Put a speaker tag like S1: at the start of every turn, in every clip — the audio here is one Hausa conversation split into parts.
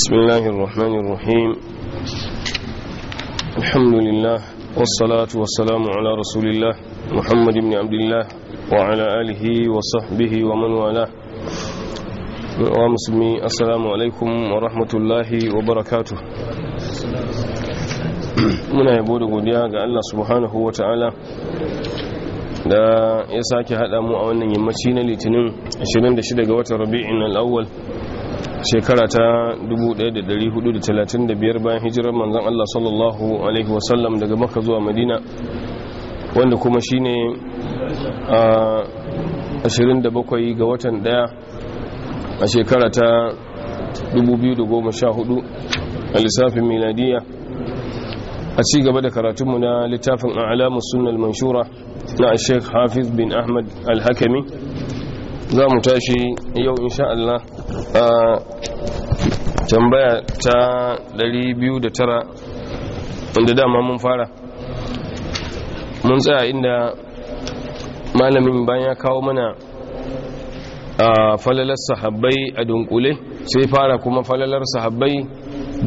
S1: بسم الله الرحمن الرحيم الحمد لله والصلاة والسلام على رسول الله محمد بن عبد الله وعلى آله وصحبه ومن والاه ومسلمي السلام عليكم ورحمة الله وبركاته muna yabo da godiya ga Allah subhanahu wa ta'ala da ya sake haɗa mu a wannan yammaci na litinin 26 ga watan rabi'in al'awwal shekara ta 1435 bayan hijirar manzan Allah sallallahu Alaihi wasallam daga maka zuwa madina wanda kuma shi ne a 27 ga watan daya a shekara ta 2014 a lissafin miladiya a cigaba da karatunmu na littafin alamun sunan manshura na a shek hafiz bin ahmad al-hakami za mu tashi yau insha Allah a tambaya ta 209 inda dama mun fara mun tsaya inda malamin bayan ya kawo mana a falalar sahabbai a dunkule sai fara kuma falalar sahabbai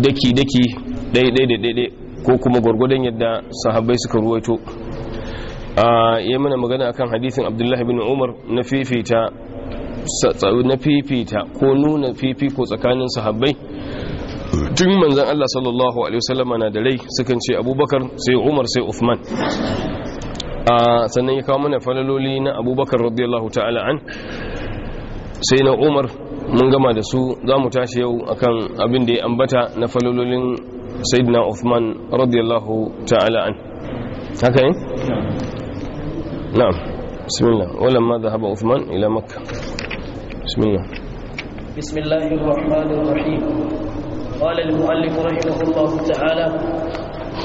S1: daki-daki daidai daidai ko kuma gwargwadon yadda sahabbai suka ruwaito a yi mana magana kan hadisin abdullahi bin umar na fifita na fifita ko nuna fifiko tsakanin sahabbai tun manzan Allah sallallahu alaihi wasallama na da rai sukan ce abubakar sai umar sai uthman a sannan ya kawo mana falaloli na abubakar radiyallahu ta'ala an sai na umar mun gama da su za mu tashi yau akan abin da ya ambata na falalolin sayyidina uthman radiyallahu ta'ala an haka yi? na'am bismillah Wala ma zahaba uthman ila makka بسم الله
S2: بسم الله الرحمن الرحيم قال المؤلف رحمه الله تعالى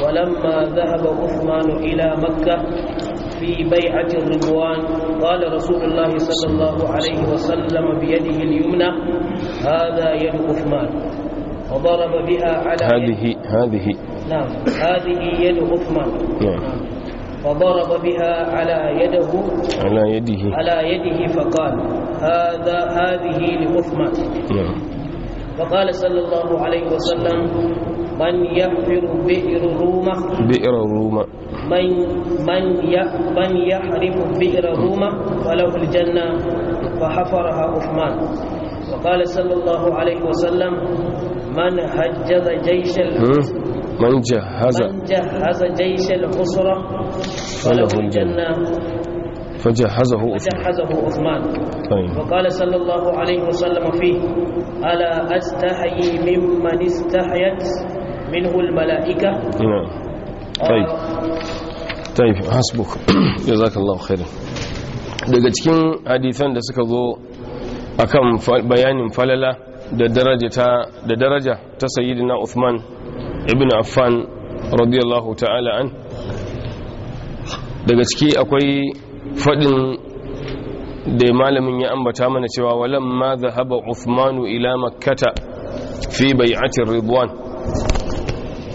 S2: ولما ذهب عثمان إلى مكة في بيعة الرضوان قال رسول الله صلى الله عليه وسلم بيده اليمنى هذا يد عثمان وضرب بها على هذه هذه نعم هذه يد عثمان نعم فضرب بها على يده على يده على يده فقال هذا هذه لعثمان وقال صلى الله عليه وسلم من يحفر بئر رومة
S1: بئر رومة
S2: من من من يحرف بئر رومة فله الجنة فحفرها عثمان وقال صلى الله عليه وسلم من هجز جيش
S1: من جهز من
S2: جهز جيش الحسرة
S1: فله الجنة فجهزه
S2: فجهزه عثمان وقال صلى الله عليه وسلم فيه ألا أستحيي ممن استحيت منه الملائكة طيب
S1: طيب حسبك جزاك الله خيرا daga cikin hadisan da suka zo akan bayanin falala da daraja ta da daraja ta sayyidina Uthman ibn Affan radiyallahu ta'ala an daga ciki akwai fadin da malamin ya ambata mana cewa walan ma zahaba Uthmanu ila makkata fi bai'atir ridwan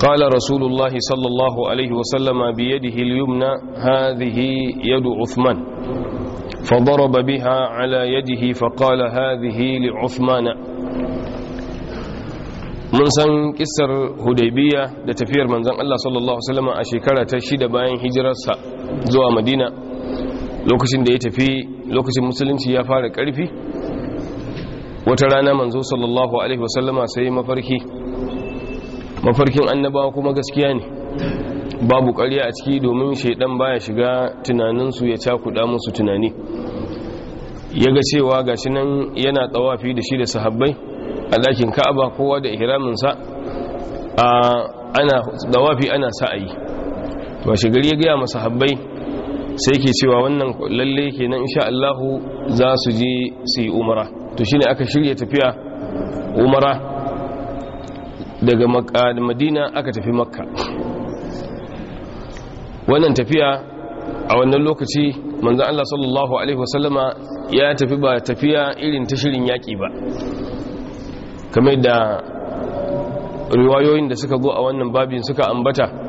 S1: qala rasulullahi sallallahu alaihi wa sallama bi yadihi al-yumna hadhihi yadu Uthman فضرب بها على يده فقال هذه لعثمان mun san kisar hudaybiya da tafiyar manzon Allah sallallahu alaihi wa wasallam a shekara ta 6 bayan hijirarsa zuwa Madina lokacin da ya tafi lokacin musulunci ya fara karfi wata rana manzo sallallahu alaihi wasallama sai mafarki mafarkin annabawa kuma gaskiya ne babu ƙarya a ciki domin shaidan baya shiga tunaninsu ya cakuɗa musu tunani ya ga cewa gashi nan yana tsawafi da shi da sahabbai a ɗakin ka'aba kowa da ihraminsa ana tsawafi ana sa'ayi ba gari ya gaya sahabbai? sai ke cewa wannan lalle kenan insha Allah za su je su yi umara to shine aka shirya tafiya umara daga Madina aka tafi Makka wannan tafiya a wannan lokaci manzan Allah sallallahu alaihi wasallama ya tafi ba tafiya irin ta shirin yaƙi ba kamar da riwayoyin da suka zo a wannan babin suka ambata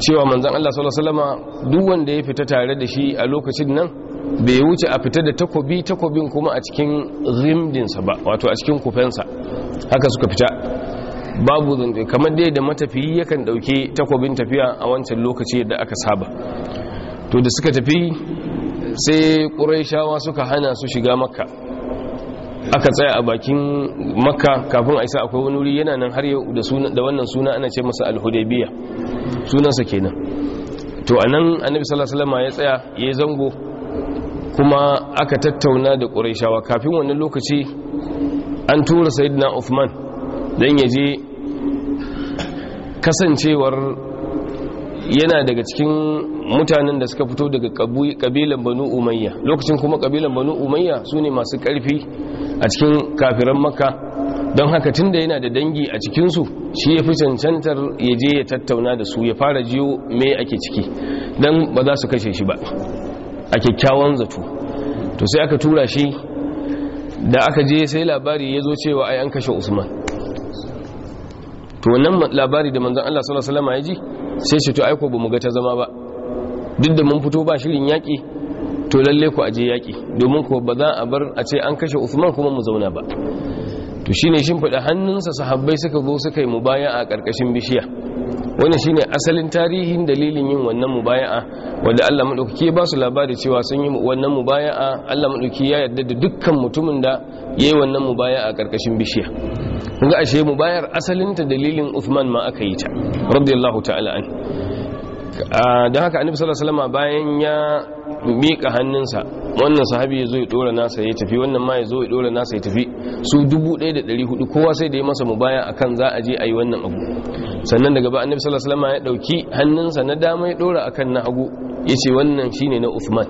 S1: cewa manzan Allah sallallahu alaihi duk wanda ya fita tare da shi a lokacin nan bai wuce a fita da takobi takobin kuma a cikin rimdinsa ba wato a cikin kufensa haka suka fita babu zunde kamar dai da matafiyi yakan dauke takobin tafiya a wancan lokaci da aka saba to da suka tafi sai ƙuraishawa suka hana su shiga makka aka tsaya a bakin makka kafin a isa akwai wani wuri yana nan har yau da wannan suna ana ce masa alhudabiya sunansa kenan to a nan annabi sallallahu ya tsaya ya zango kuma aka tattauna da ƙuraishawa kafin wannan lokaci an tura sayidina uthman don yaje kasancewar yana daga cikin mutanen da suka fito daga kabilan banu umayya lokacin kuma kabilan banu umayya su ne masu karfi a cikin kafiran makka don haka tun da yana da dangi a cikinsu shi ya fi cancantar ya je ya tattauna da su ya fara jiyo me ake ciki don ba za su kashe shi ba a kyakkyawan zato to sai aka tura shi da aka je sai labari ya zo cewa ai an kashe usman to wannan labari da manzon Allah sallallahu alaihi wasallam ya ji sai shi to aiko ba mu ga ta zama ba duk da mun fito ba shirin yaki to lalle ku aje yaki domin ko ba za a bar a ce an kashe Uthman kuma mu zauna ba to shine shin fada hannunsa sahabbai suka zo suka yi mubaya'a a karkashin bishiya wani shine asalin tarihin dalilin yin wannan mubaya'a wadda Allah maɗauki ba su labari cewa sun yi wannan mubaya'a Allah maɗauki ya yarda da dukkan mutumin da ya yi wannan mubaya'a ƙarƙashin bishiya kun a ashe mubayar asalin ta dalilin Uthman ma aka yi ta radiyallahu ta'ala an ah, Don haka annabi sallallahu alaihi wasallam bayan ya miƙa hannunsa wannan sahabi ya zo ya ɗora nasa ya tafi wannan ma ya zo ya ɗora nasa ya tafi su dubu ɗaya da ɗari hudu kowa sai da ya masa mubaya a kan za a je a yi wannan abu sannan daga ba annabi sallallahu alaihi ya ɗauki hannunsa na dama ya ɗora akan na hagu ya ce wannan shine na uthman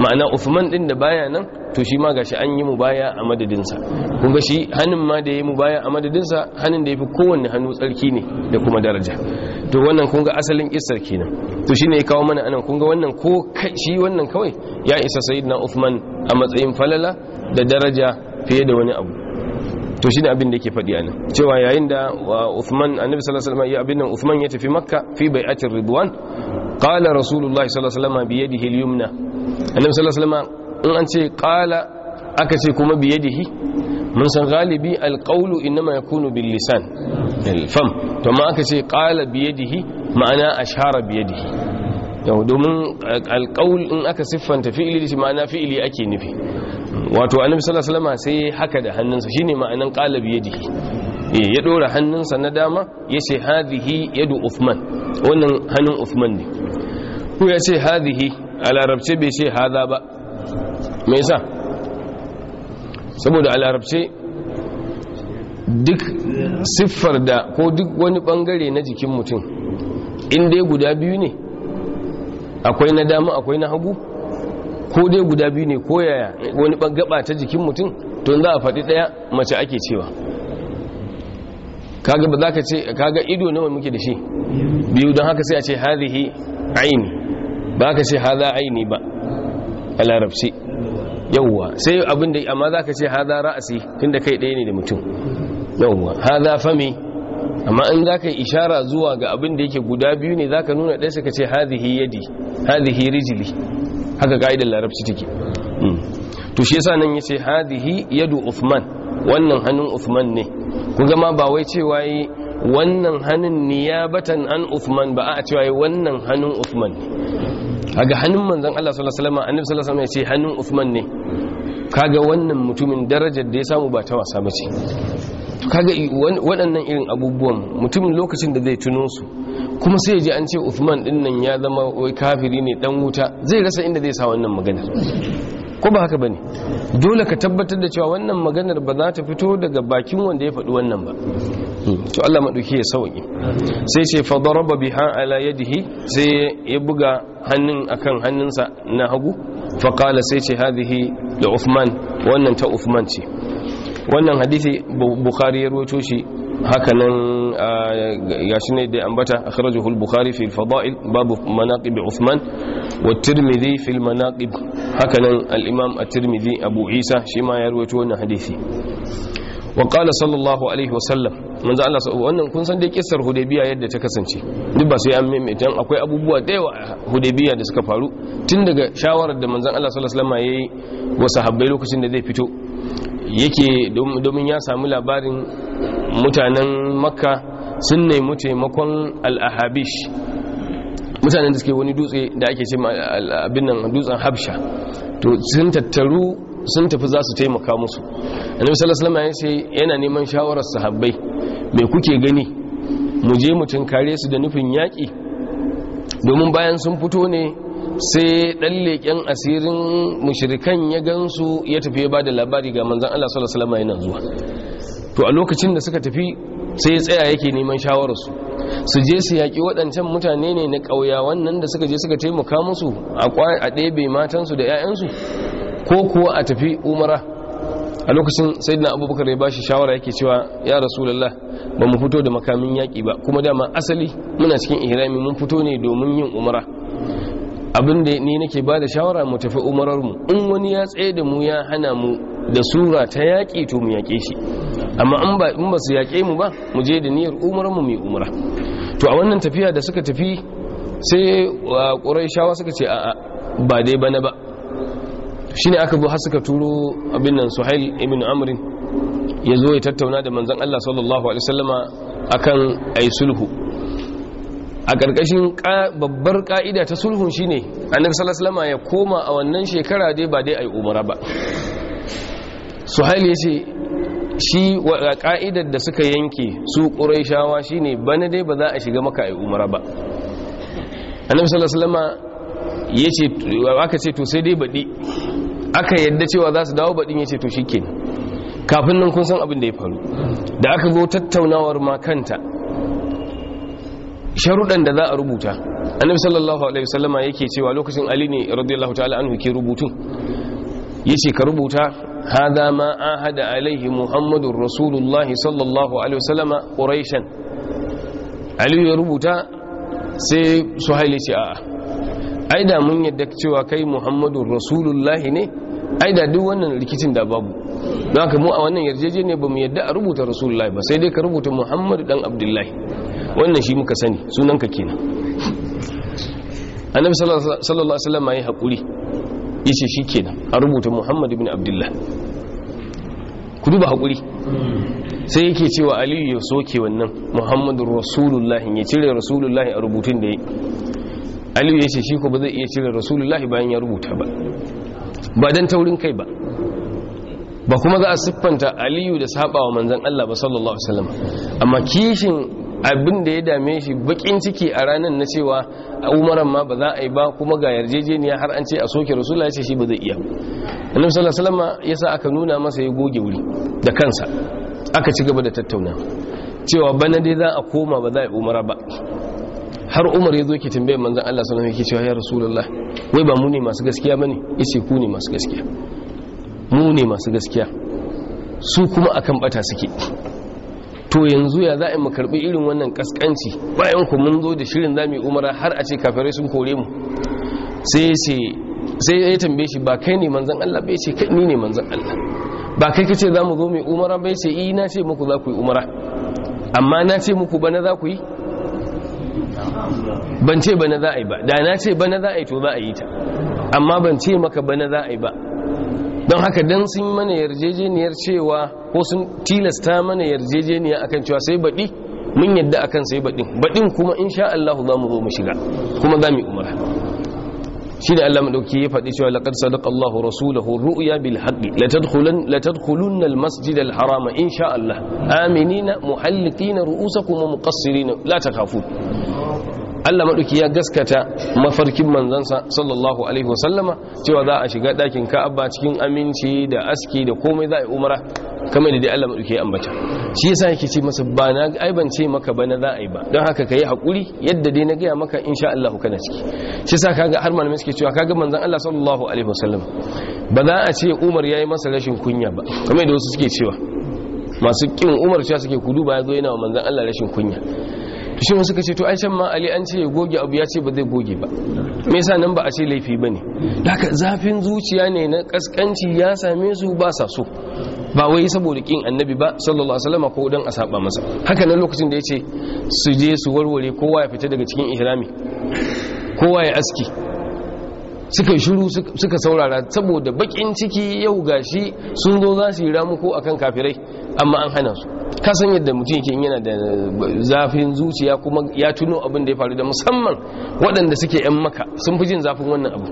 S1: ma'ana uthman ɗin da baya nan to shi ma gashi an yi mu baya a madadinsa kun ga shi hannun ma da yi mu baya a madadinsa hannun da yafi fi kowanne hannu tsarki ne da kuma daraja to wannan kun ga asalin isar kenan to shine ya kawo mana anan kun ga wannan ko shi wannan kawai ya isa sayyidina Uthman a matsayin falala da daraja fiye da wani abu to shi ne abin da yake faɗi a nan cewa yayin da Uthman annabi sallallahu alaihi wasallam ya abin nan Uthman ya tafi Makka fi bai'atir Ridwan qala rasulullahi sallallahu alaihi wasallam bi yadihi al-yumna annabi sallallahu alaihi wasallam in an ce ƙala. aka ce kuma biyadihi mun san galibi alqawlu inma yakunu bil lisan alfam to ma aka ce qala biyadihi ma'ana ashara biyadihi yau domin alqawl in aka siffanta fi'ili shi ma'ana fi'ili ake nufi wato annabi sallallahu alaihi wasallam sai haka da hannunsa shine ma'anan qala biyadihi eh, ya ɗora hannunsa na dama ya ce hadhihi yadu uthman wannan hannun uthman ne ko ya ce hadhihi a larabce bai ce hadha ba me yasa saboda al'arabce duk siffar da ko duk wani bangare na jikin mutum in dai guda biyu ne akwai na dama akwai na hagu ko dai guda biyu ne ko yaya wani bangaba ta jikin mutum to za a faɗi ɗaya mace ake cewa kaga ba za ka ce kaga ido nawa muke da shi biyu don haka sai a ce hazihi aini ba ka ce haza aini ba a larabci yawwa sai abin da amma za ka ce haza ra'asi tunda kai ɗaya ne da mutum yawwa haza fami amma in za ka yi ishara zuwa ga abin da yake guda biyu ne za ka nuna ɗaya suka ce hazihi yadi hazihi rijili haka ka'idar larabci take hmm. to shi yasa nan yace hazihi yadu Uthman wannan hannun Uthman ne kuga gama ba wai cewa yi wannan hannun niyabatan an Uthman ba a cewa yi wannan hannun Uthman ne kaga hannun manzon Allah sallallahu alaihi wasallam annabi sallallahu alaihi wasallam ya ce hannun Uthman ne kaga wannan mutumin darajar da ya samu ba ta wasa bace kaga waɗannan irin abubuwan mutumin lokacin da zai tuno su kuma sai ji an ce Uthman din ya zama wai kafiri ne dan wuta zai rasa inda zai sa wannan magana ko ba haka ba ne dole ka tabbatar da cewa wannan maganar ba za ta fito daga bakin wanda ya faɗi wannan ba
S2: hmm.
S1: to Allah maɗauki ya sauƙi sai ce fadaraba biha ala yadihi sai ya buga hannun akan hannunsa na hagu faƙala sai ce hadhihi da Uthman wannan ta Uthman ce wannan hadisi Bukhari ya rawaito hakanan shi ne da ambata akhrajahu jihul bukari fi fadail babu manaqib usman wa tirmidhi fi manaƙib hakanan al'imam a tirmidhi Abu Isa shi ma ya rawaito wannan hadisi wa ƙala sallallahu alaihi wa sallam manzo Allah wannan kun san dai kissar Hudaybiya yadda ta kasance duk ba sai an maimaita akwai abubuwa da yawa Hudaybiya da suka faru tun daga shawarar da manzon Allah sallallahu alaihi wasallam yayi wa sahabbai lokacin da zai fito yake domin ya sami labarin mutanen makka sun nemi taimakon al'ahabish mutanen da suke wani dutse da ake ce abin nan dutsen habsha to sun tattaru sun tafi za su taimaka musu annabi sallallahu alaihi wasallam yana neman shawarar sahabbai me kuke gani mu je mu tunkare su da nufin yaki domin bayan sun fito ne sai dan leken asirin mushrikan ya gansu ya tafi ya ba da labari ga manzan Allah sallallahu alaihi wasallam yana zuwa to a lokacin da suka tafi sai ya tsaya yake neman shawararsu su je su yaƙi waɗancan mutane ne na ƙauya wannan da suka je suka taimaka musu a ɗebe matansu da 'ya'yansu ko kuwa a tafi umara a lokacin sayyidina abubakar ya bashi shi shawara yake cewa ya rasu rasulallah ba mu fito da makamin yaƙi ba kuma dama asali muna cikin ihrami mun fito ne domin yin umara abin da ni nake ba da shawara mu tafi umararmu in wani ya tsaye da mu ya hana mu da sura ta yaƙi to mu yaƙe shi amma in ba su yaƙe mu ba mu je da niyyar umararmu mai umara to a wannan tafiya da suka tafi sai wa shawa suka ce a'a ba dai bana ba shine aka bu har suka turo abin nan Suhail ibn Amr ya zo ya tattauna da manzon Allah sallallahu alaihi wasallama akan ay sulhu a ƙarƙashin babbar ƙa'ida ta sulhun ne, annabi sallallahu ya koma a wannan shekara dai ba dai a yi umara ba suhail ya ce shi wa ƙa'idar da suka yanke su shi ne bana dai ba za a shiga maka a yi umara ba annabi sallallahu alaihi ya ce aka ce to sai dai baɗi aka yadda cewa za su dawo baɗin ya ce to shikenan kafin nan kun san abin da ya faru da aka zo tattaunawar ma kanta sharuɗan da za a rubuta annabi sallallahu alaihi wasallam yake cewa lokacin ali ne radiyallahu ta'ala anhu ke rubutun yace ka rubuta hadha ma ahada alaihi muhammadur rasulullahi sallallahu alaihi wasallama quraishan ali ya rubuta sai suhaili ce a'a ai da mun yadda cewa kai muhammadur rasulullahi ne ai da duk wannan rikicin da babu don haka mu a wannan ne ba mu yadda a rubuta rasulullahi ba sai dai ka rubuta muhammadu dan abdullahi wannan shi muka sani sunanka kenan annabi sallallahu alaihi wasallam yayi hakuri yace shikenan a rubuta muhammadu bin abdullahi ku duba hakuri sai yake cewa aliyu ya soke wannan muhammadur rasulullahi ya cire rasulullahi a rubutun da yayi aliyu yace shi ko ba zai iya cire rasulullahi bayan ya rubuta ba ba dan taurin kai ba ba kuma za a siffanta aliyu da wa manzan Allah ba sallallahu alaihi wasallam amma kishin abin da ya dame shi bakin ciki a ranar na cewa a umaran ma ba za a yi ba kuma ga yarjejeniya har an ce a soke rasula ya ce shi ba zai iya annabi sallallahu alaihi wasallam yasa aka nuna masa ya goge wuri da kansa aka ci gaba da tattauna cewa bana dai za a koma ba za a yi umara ba har umar ya zo ke tambayar manzan Allah sallallahu alaihi wasallam yake cewa ya rasulullah wai ba mu ne masu gaskiya bane yace ku ne masu gaskiya mu ne masu gaskiya su kuma akan bata suke to yanzu ya za a mu karbi irin wannan kaskanci bayan ku mun zo da shirin zamu yi umara har a ce kafirai sun kore mu sai sai ya tambaye shi ba kai ne manzon Allah bai ce kai ni ne manzon Allah ba kai kace zamu zo mu yi umara bai ce i eh, na ce muku za ku yi umara amma na ce muku bana za ku yi ban ce bana za a yi ba da na ce bana za a yi to za a yi ta amma ban ce maka bana za a yi ba don haka dan sun mana yarjejeniyar cewa ko sun tilasta mana yarjejeniya akan cewa sai baɗi mun yadda akan sai baɗin baɗin kuma insha Allah za mu zo mu shiga kuma za mu umara shi da Allah madauki ya faɗi cewa laqad sadaqa Allah rasuluhu ru'ya bil haqqi la tadkhulun la tadkhulunna al masjid al haram insha Allah aminina muhallikina ru'usakum muqassirina la takhafun Allah maɗuki ya gaskata mafarkin manzansa sallallahu alaihi wasallama cewa za a shiga ɗakin ka'aba cikin aminci da aski da komai za a yi umara kamar da dai Allah maɗuki ya ambata shi yasa yake ce masa ba na aibance maka ba na za a yi ba don haka ka yi haƙuri yadda dai na gaya maka insha Allah kana ciki shi yasa kaga har malamai suke cewa kaga manzan Allah sallallahu alaihi wasallama ba za a ce Umar yayi masa rashin kunya ba kamar da wasu suke cewa masu kin Umar cewa suke kudu ba ya zo yana wa manzan Allah rashin kunya shi wasu ka ce to aishan ma ali an ce ya goge abu ya ce ba zai goge ba me yasa nan ba a ce laifi ba ne haka zafin zuciya ne na kaskanci ya same su ba sa so ba wai saboda kin annabi ba sallallahu alaihi wasallam ko dan a saba masa haka nan lokacin da ya ce su je su warware kowa ya fita daga cikin ihrami kowa ya aski suka shiru suka saurara saboda bakin ciki yau gashi sun zo za su yi ramuko akan kafirai amma an hana su kasan yadda mutum yake yana da zafin zuciya kuma ya tuno abin da ya faru da musamman waɗanda suke 'yan maka sun fi jin zafin wannan abu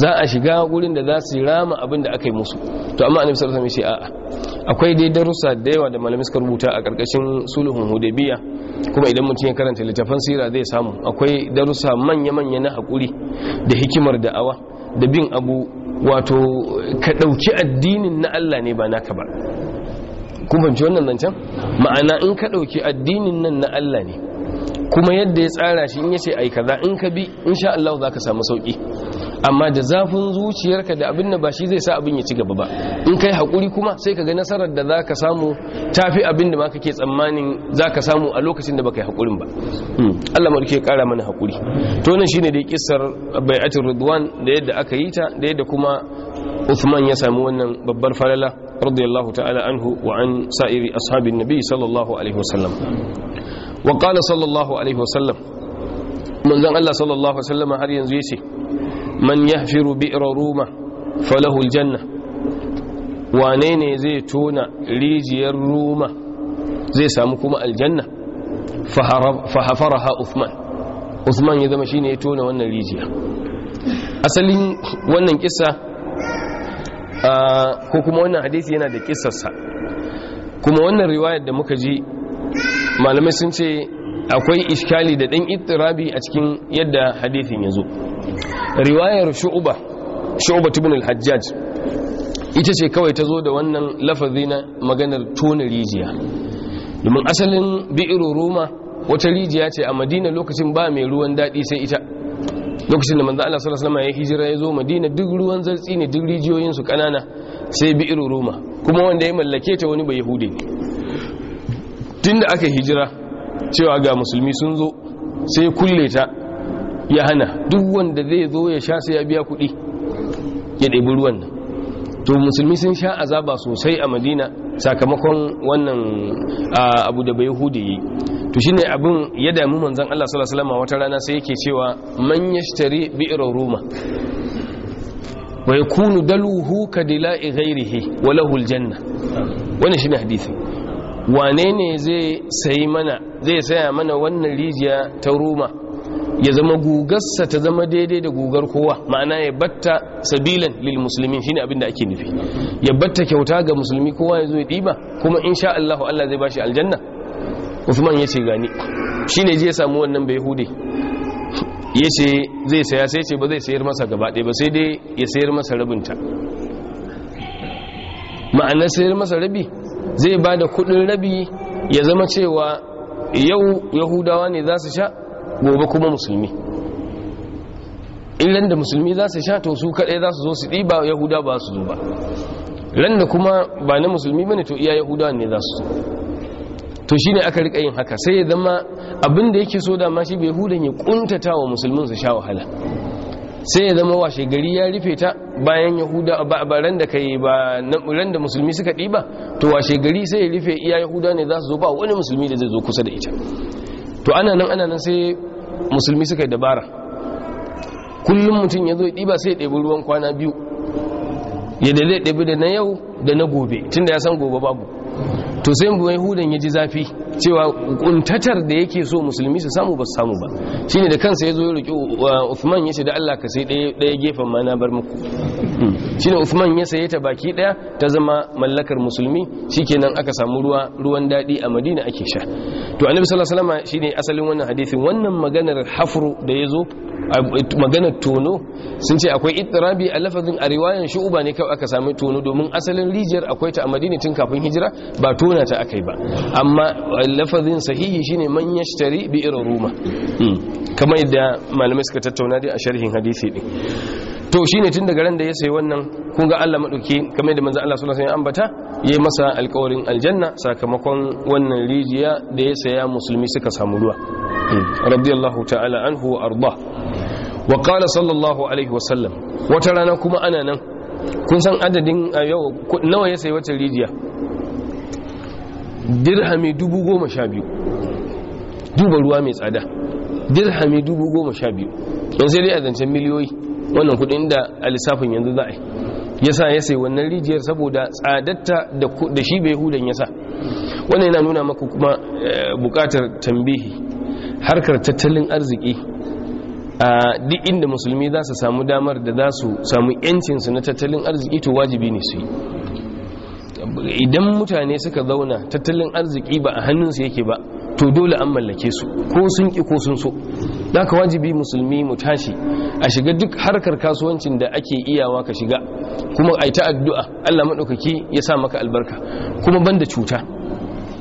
S1: za a shiga wurin da za su rama abin da aka yi musu to amma annabi sallallahu alaihi wasallam a'a akwai dai darussa da yawa da malamai suka rubuta a karkashin sulhun hudaybiya kuma idan mutum ya karanta littafin sira zai samu akwai darussa manya-manya na hakuri da hikimar da'awa da bin abu wato ka ɗauki addinin na Allah ne ba naka ba kubanci wannan nan can ma'ana in ka ɗauki addinin nan na Allah ne kuma yadda ya tsara shi in ya ce ai kaza in ka bi insha Allah za ka samu sauki amma da zafin zuciyarka da abin da ba shi zai sa abin ya ci gaba ba in kai haƙuri kuma sai ka ga nasarar da za ka samu tafi abin da ma kake tsammanin za ka samu a lokacin da baka yi haƙurin ba hmm. Allah ma ya ƙara mana haƙuri to wannan shine da kissar bai'atul ridwan da yadda aka yi ta da yadda kuma Uthman ya samu wannan babbar falala radiyallahu ta'ala anhu wa an sa'iri ashabin nabi sallallahu alaihi wa qala sallallahu Allah har yanzu yace man yahfiru bi'ra ruma falahu aljanna wane ne zai tona rijiyar ruma zai samu kuma aljanna fa hafaraha uthman uthman ya zama shine ya tona wannan rijiya asalin wannan kissa Ah, ko kuma wannan hadisi yana da kisarsa kuma wannan riwayar da muka ji malamai sun ce akwai iskali da ɗan ittirabi a cikin yadda hadisin ya zo riwayar shu'uba shu'uba hajjaj ita ce kawai ta zo da wannan lafazi na maganar tona rijiya domin asalin bi'iru roma wata rijiya ce a madina lokacin ba mai ruwan daɗi sai ita lokacin da manzo Allah sallallahu alaihi wasallam ya hijira ya zo Madina duk ruwan zartsi ne duk rijiyoyin su kanana sai bi irin Roma kuma wanda ya mallake ta wani bai Yahudi ne tunda aka hijira cewa ga musulmi sun zo sai kulle ta ya hana duk wanda zai zo ya sha sai ya biya kuɗi ya ɗebi ruwan nan to musulmi sun sha azaba sosai a Madina sakamakon wannan abu da bai hudu yi to shi ne abin ya damu manzon Allah sallallahu alaihi wasallam wata rana sai yake cewa man yashtari bi'irar roma bai kunu daluhu kadila'i ghairihi wa lahu aljanna wala shine Wani wane ne zai sayi mana zai saya mana wannan rijiya ta roma ya zama gugarsa ta zama daidai da gugar kowa ma'ana ya batta sabilan lil musulmi shine abin da ake nufi ya batta kyauta ga musulmi kowa ya zo ya diba kuma insha Allah Allah zai bashi aljanna Uthman yace gani shine je ya samu wannan bai hude yace zai saya sai ce ba zai sayar masa gaba ɗaya ba sai dai ya sayar masa rabinta ma'ana sayar masa rabi zai ba da kudin rabi ya zama cewa yau yahudawa ne za su sha gobe kuma musulmi illan da musulmi za su sha to su kaɗai za su zo su ɗiba yahuda ba su zo ba ran da kuma ba na musulmi ba ne to iya yahuda ne za su zo. to shi ne aka riƙa yin haka sai ya zama abin da yake so ma shi bai hudan ya ƙuntata wa musulmin su sha wahala sai ya zama washe gari ya rufe ta bayan yahuda ba ran da kai ba ran da musulmi suka ɗiba to washe gari sai ya rufe iya yahuda ne za su zo ba wani musulmi da zai zo kusa da ita to ana nan ana nan sai musulmi suka yi dabara kullum mutum ya zo ɗiba sai ɗebi ruwan kwana biyu ya da ɗabi da na yau da na gobe tun da ya san gobe babu to sai mai hudun ya ji zafi cewa kuntatar da yake so musulmi su samu ba su samu ba shine da kansa ya zo ya roƙi uh, Uthman ya ce da Allah ka sai ɗaya gefen ma na bar muku shine Usman ya saye ta baki daya ta zama mallakar musulmi shikenan aka samu ruwa ruwan dadi a Madina ake sha to Annabi sallallahu alaihi wasallam shine asalin wannan hadisin wannan maganar hafru da yazo maganar tono sun ce akwai itrabi a lafazin a riwayan shu'uba ne kawai aka samu tono domin asalin rijiyar akwai ta a Madina tun kafin hijira ba tona ta akai ba amma lafazin sahihi shine man yashtari bi irin ruma hmm. kamar yadda malamai suka tattauna dai a sharhin hadisi din to shine tun daga ran da ya sayi wannan kun ga Allah madauke kamar da manzo Allah sallallahu alaihi wasallam ambata yayi masa alƙawarin aljanna sakamakon wannan rijiya da ya saya musulmi suka samu ruwa radiyallahu ta'ala anhu wa arda wa qala sallallahu alaihi wasallam wata rana kuma ana nan kun san adadin yau nawa ya sayi wata rijiya dirhami dubu goma sha biyu duba ruwa mai tsada dirhami dubu goma sha biyu yanzu dai a miliyoyi wannan kudin da a lissafin yanzu za a ya sa ya sai wannan rijiyar saboda tsadatta da shi bai hudan ya sa wannan yana nuna maka kuma eh, bukatar tambihi harkar tattalin arziki a duk inda musulmi za su samu damar da za su samu yancinsu na tattalin arziki to wajibi ne su yi idan mutane suka zauna tattalin arziki ba a hannunsu yake ba to dole an mallake su ko sun ki ko sun so ka wajibi musulmi mu tashi a shiga duk harkar kasuwancin da ake iyawa ka shiga kuma ai ta addu'a Allah maɗaukaki ya sa maka albarka kuma ban da cuta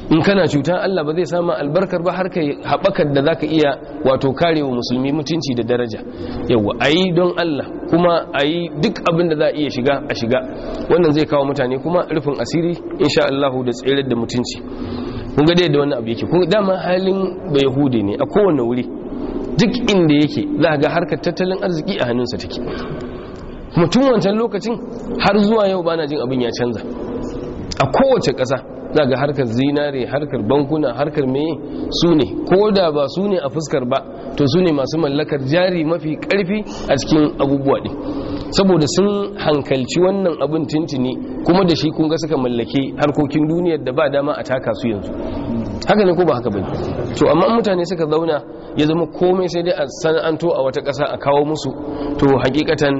S1: in kana cuta Allah ba zai sama albarkar ba har kai haɓakar da zaka iya wato kare wa musulmi mutunci da daraja yawa yi don Allah kuma a yi duk abin da za a iya shiga a shiga wannan zai kawo mutane kuma rufin asiri insha allahu da tsirar da mutunci kun ga da wannan abu yake kun dama halin bayahudi ne a kowane wuri duk inda yake za ga harkar tattalin arziki a hannunsa take kuma tun wancan lokacin har zuwa yau bana jin abin ya canza a kowace ƙasa za harkar zinare harkar bankuna harkar mai su ne ko da ba su ne a fuskar ba to su ne masu mallakar jari mafi karfi a cikin abubuwa ɗin saboda sun hankalci wannan abin tintini kuma da shi kun ga suka mallake harkokin duniyar da ba dama a taka su yanzu haka ne ko ba haka bane to amma mutane suka zauna ya zama komai sai dai a sana'anto a wata ƙasa a kawo musu to hakikatan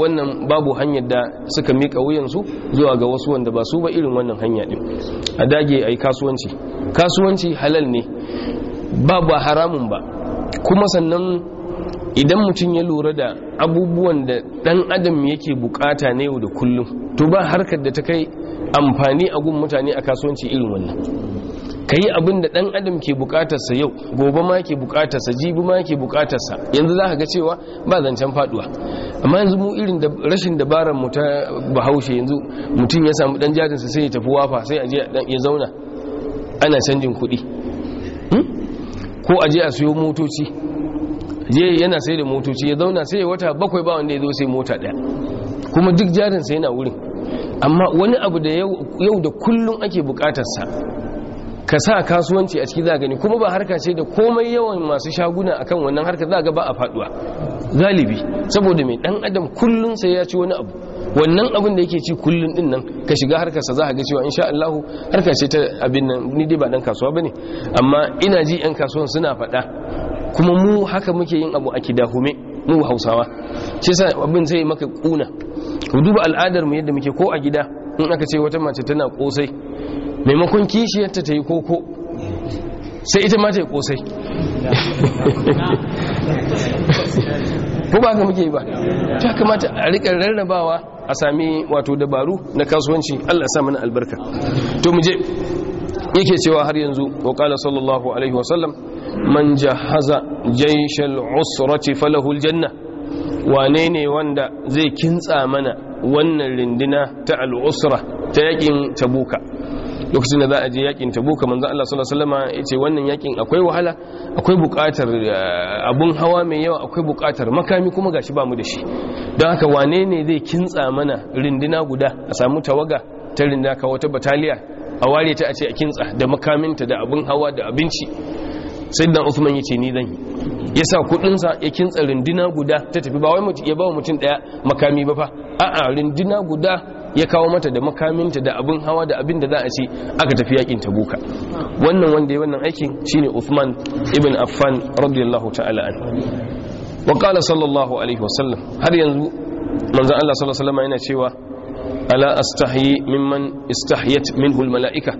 S1: wannan babu hanyar da suka mika wuyansu zuwa ga wasu wanda ba su ba irin wannan hanya ɗin. a dage a yi kasuwanci kasuwanci halal ne ba ba haramun ba kuma sannan idan mutum ya lura da abubuwan da dan adam yake bukata na yau da kullum to ba harkar da ta kai amfani a gun mutane a kasuwanci irin wannan ka yi abin da ɗan adam ke bukatarsa yau gobe ma ke bukatarsa jibi ma ke bukatarsa yanzu za ka ga cewa ba zancen faduwa amma yanzu mu irin da rashin dabarar mu ta bahaushe yanzu mutum ya samu ɗan jarinsa sai ya tafi wafa sai a ya zauna ana canjin kuɗi hmm? ko aje a siyo motoci je yana sai da motoci ya zauna sai ya wata bakwai ba wanda ya zo sai mota ɗaya kuma duk jarinsa yana wurin amma wani abu da yau da kullum ake bukatarsa ka sa kasuwanci a ciki za gani kuma ba harka ce da komai yawan masu shaguna akan wannan harka za ga ba a faduwa galibi saboda mai dan adam kullun sai ya ci wani abu wannan abin da yake ci kullun din nan ka shiga sa za a ga cewa insha Allah harka ce ta abin nan ni dai ba dan kasuwa bane amma ina ji yan kasuwan suna faɗa kuma mu haka muke yin abu a kidahume mu Hausawa shi yasa abin sai maka kuna ku duba al'adar mu yadda muke ko a gida in aka ce wata mace tana kosai maimakon kishiyarta ta yi koko sai ita ma ta yi kosai ko ba ka muke ba ta kamata a rika rarrabawa a sami wato dabaru na kasuwanci Allah sa mana albarka to mu je yake cewa har yanzu wa qala sallallahu alaihi wasallam man jahaza jayshal usrati falahu aljanna wane ne wanda zai kintsa mana wannan rindina ta al'usra ta yakin tabuka lokacin da za a je yakin tabuka manzo Allah sallallahu alaihi wasallam yace wannan yakin akwai wahala akwai buƙatar eh, abun hawa mai yawa akwai buƙatar makami kuma gashi ba mu da shi don haka wane ne zai kintsa mana rindina guda a samu tawaga ta rinda ka wata bataliya a ware ta a ce a kintsa da makaminta da abun hawa da abinci sai dan Usman yace ni zan yi ya sa ya kintsa rindina guda ta tafi ba wai ya ba mutum daya makami ba fa a'a rindina guda ya kawo mata da makaminta da abin hawa da abin da za a ce aka tafi yakin tabuka wannan wanda ya wannan aikin shine Uthman ibn Affan radiyallahu ta'ala an wa qala sallallahu alaihi wasallam har yanzu manzon Allah sallallahu alaihi wasallam yana cewa ala astahyi ممن استحيت منه almalaika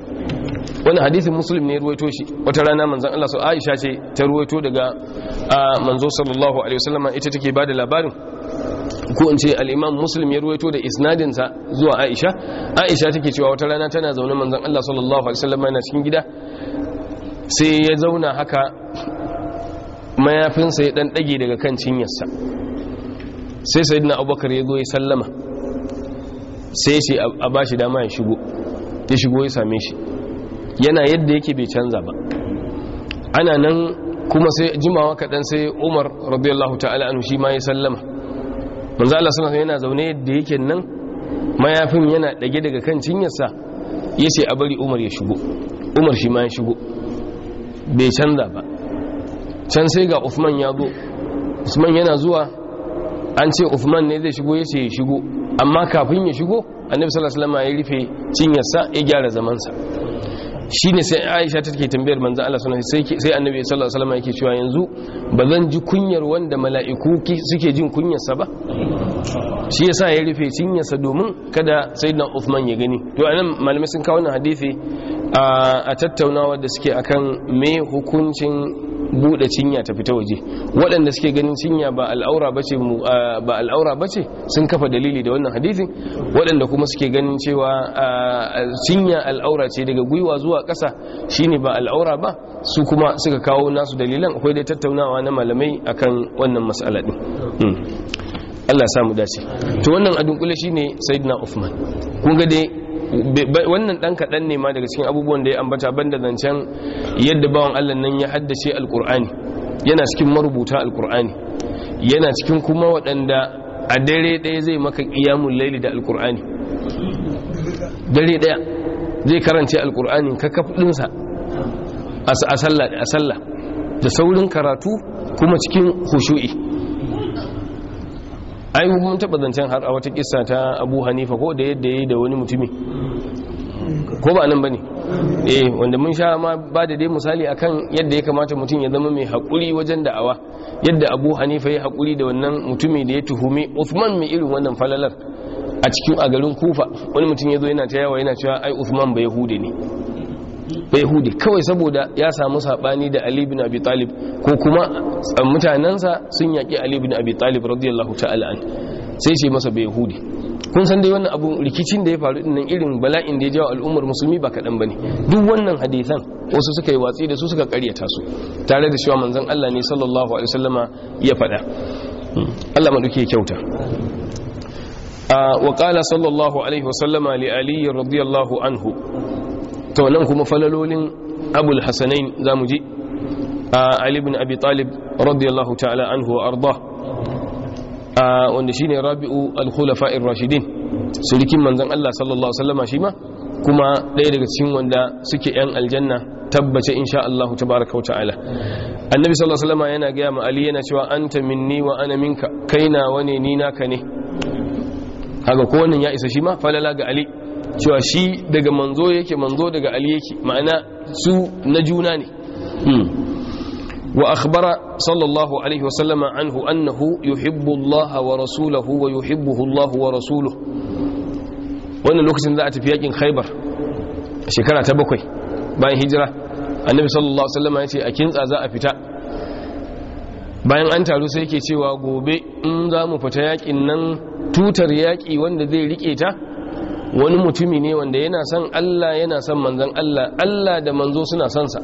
S1: wannan hadisin muslim ne ruwaito shi wata rana manzon Allah su Aisha ce ta ruwaito daga manzo sallallahu alaihi wasallam ita take bada labarin ko in ce al-imam muslim ya ruwaito da isnadinsa zuwa aisha aisha take cewa wata rana tana zaune manzon allah sallallahu alaihi wasallam yana cikin gida sai ya zauna haka mayafinsa ya dan dage daga kan cinyarsa sai Sayyidina abubakar ya zo ya sallama sai shi a ba shi dama ya shigo ya shigo ya same shi yana yadda yake bai canza ba ana nan kuma sai jimawa kaɗan sai umar radiyallahu ta'ala anu shi ma ya sallama manzo Allah sallallahu yana zaune yadda yake nan mayafin yana ɗage daga kan cinyarsa ya ce a bari umar ya shigo umar shi ma ya shigo bai canza ba can sai ga Uthman ya zo Usman yana zuwa an ce Uthman ne zai shigo ya ce ya shigo amma kafin ya shigo annabi sallallahu alaihi wasallam ya rufe cinyarsa ya gyara zamansa shine sai Aisha ta take tambayar manzo Allah sallallahu alaihi wasallam sai annabi sallallahu alaihi wasallam yake cewa yanzu zan ji kunyar wanda mala'iku suke jin kunyarsa ba shi yasa ya rufe cinyarsa domin kada sayyidina Uthman ya gani to anan malamai sun kawo wannan hadisi a tattaunawa da suke akan me hukuncin bude cinya ta fita waje waɗanda suke ganin cinya ba al'aura bace ba al'aura ce sun kafa dalili da wannan hadisin waɗanda kuma suke ganin cewa cinya al'aura ce daga gwiwa zuwa ƙasa shine ba al'aura ba su kuma suka kawo nasu dalilan akwai dai tattaunawa na malamai akan wannan mas'ala din hmm. Allah samu dace to wannan a dunkule shine sayyidina Uthman kun ga dai wannan ɗan kaɗan ne ma daga cikin abubuwan da ya ambata banda zancen yadda bawan allah nan ya haddace alkur'ani yana cikin marubuta alkur'ani yana cikin kuma waɗanda a dare ɗaya zai maka ƙiyamun laili da alkur'ani dare ɗaya zai karance alkur'ani kakaf ɗinsa a sallah da saurin karatu kuma cikin hushu'i ai mun taba zancen har a wata kissa ta Abu Hanifa ko da yadda yayi da wani mutumi ko ba nan bane eh wanda mun sha ma ba da dai misali akan yadda ya kamata mutum ya zama mai hakuri wajen da'awa yadda Abu Hanifa ya hakuri da wannan mutumi da ya tuhumi usman mai irin wannan falalar a cikin a garin Kufa wani mutum ya zo yana ta yawa yana cewa ai usman bai hude ne bai hude kawai saboda ya samu sabani da ali bin abi talib ko kuma eh, mutanansa sun yaki ali bin abi talib radiyallahu ta'ala an sai shi masa bai hude kun san dai wannan abun rikicin da ya faru dinnan irin bala'in da ya jawo al'ummar musulmi ba kaɗan bane duk wannan hadisan wasu suka yi watsi da su suka karyata su tare da cewa manzon Allah ne sallallahu alaihi wasallama ya faɗa hmm. Allah maduke kyauta وقال صلى الله عليه وسلم لعلي رضي الله عنه to wannan kuma falalolin abul hasanain za mu ji a ali bin abi talib radiyallahu ta'ala anhu wa arda wanda shine rabi'u al rashidin surikin manzon Allah sallallahu alaihi shi ma kuma ɗaya daga cikin wanda suke yan aljanna tabbace insha Allah wa ta'ala annabi sallallahu alaihi yana gaya ma ali yana cewa anta minni wa ana minka kaina wane ni naka ne haka ko wannan ya isa shi ma falala ga ali cewa shi daga manzo yake manzo daga ali ma'ana su na juna ne hmm. wa akhbara sallallahu alaihi wa sallama anhu annahu yuhibbu Allah wa rasuluhu wa Allah wa rasuluhu wannan lokacin za a tafi yakin Khaibar shekara ta bakwai bayan hijira annabi sallallahu alaihi wa sallama yace a kintsa za a fita bayan an taru sai yake cewa gobe in za mu fita yakin nan tutar yaki wanda zai rike ta wani mutumi ne wanda yana san Allah yana son manzon Allah Allah da manzo suna son sa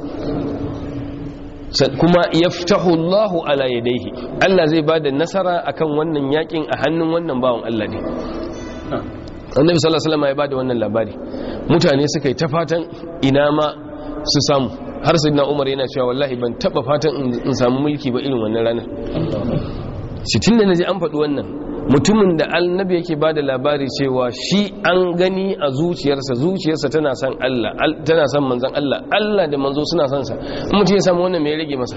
S1: kuma yaftahu Allahu ala yadayhi Allah zai bada nasara akan wannan yakin a hannun wannan bawan Allah ne Annabi sallallahu alaihi wasallam ya bada wannan labari mutane suka yi ta ina ma su samu har sai na Umar yana cewa wallahi ban taba fatan in samu mulki ba irin wannan ranar da na naji an faɗi wannan mutumin da annabi yake ba da labari cewa shi an gani a zuciyarsa zuciyarsa tana son Allah tana son manzon Allah Allah da manzo suna son sa mutum ya samu wannan mai rage masa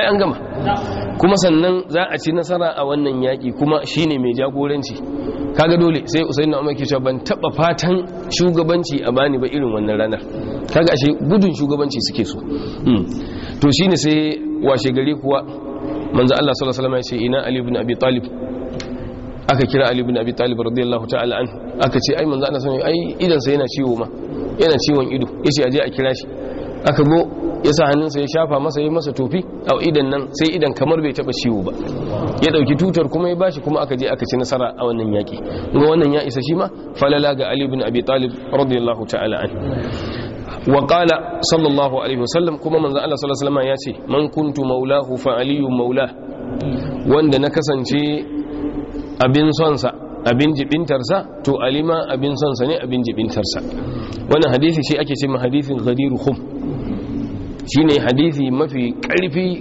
S1: ai an gama kuma sannan za a ci nasara a wannan yaki kuma shine mai jagoranci kaga dole sai Usaini Umar ke cewa ban taba fatan shugabanci a bani ba irin wannan ranar kaga ashe gudun shugabanci suke so
S2: hmm.
S1: to shine sai washe gari kuwa manzo Allah sallallahu alaihi wasallam ya ce ina Ali ibn Abi Talib aka kira ali bin abi talib radiyallahu ta'ala an aka ce ai manzo Allah sai ai idan sa yana ciwo ma yana ciwon ido yace aje a kira shi aka go ya sa hannunsa ya shafa masa yi masa tofi a idan nan sai idan kamar bai taba ciwo ba ya dauki tutar kuma ya bashi kuma aka je aka ci nasara a wannan yaki kuma wannan ya isa shi ma falala ga ali bin abi talib radiyallahu ta'ala an wa qala sallallahu alaihi wasallam kuma manzo Allah sallallahu alaihi wasallam ya ce man kuntu maulahu fa aliyu maula wanda na kasance abin sonsa abin jibintarsa to alima abin sonsa ne abin jibintarsa wannan hadisi shi ake cewa hadisin ghadiru khum shine hadisi mafi karfi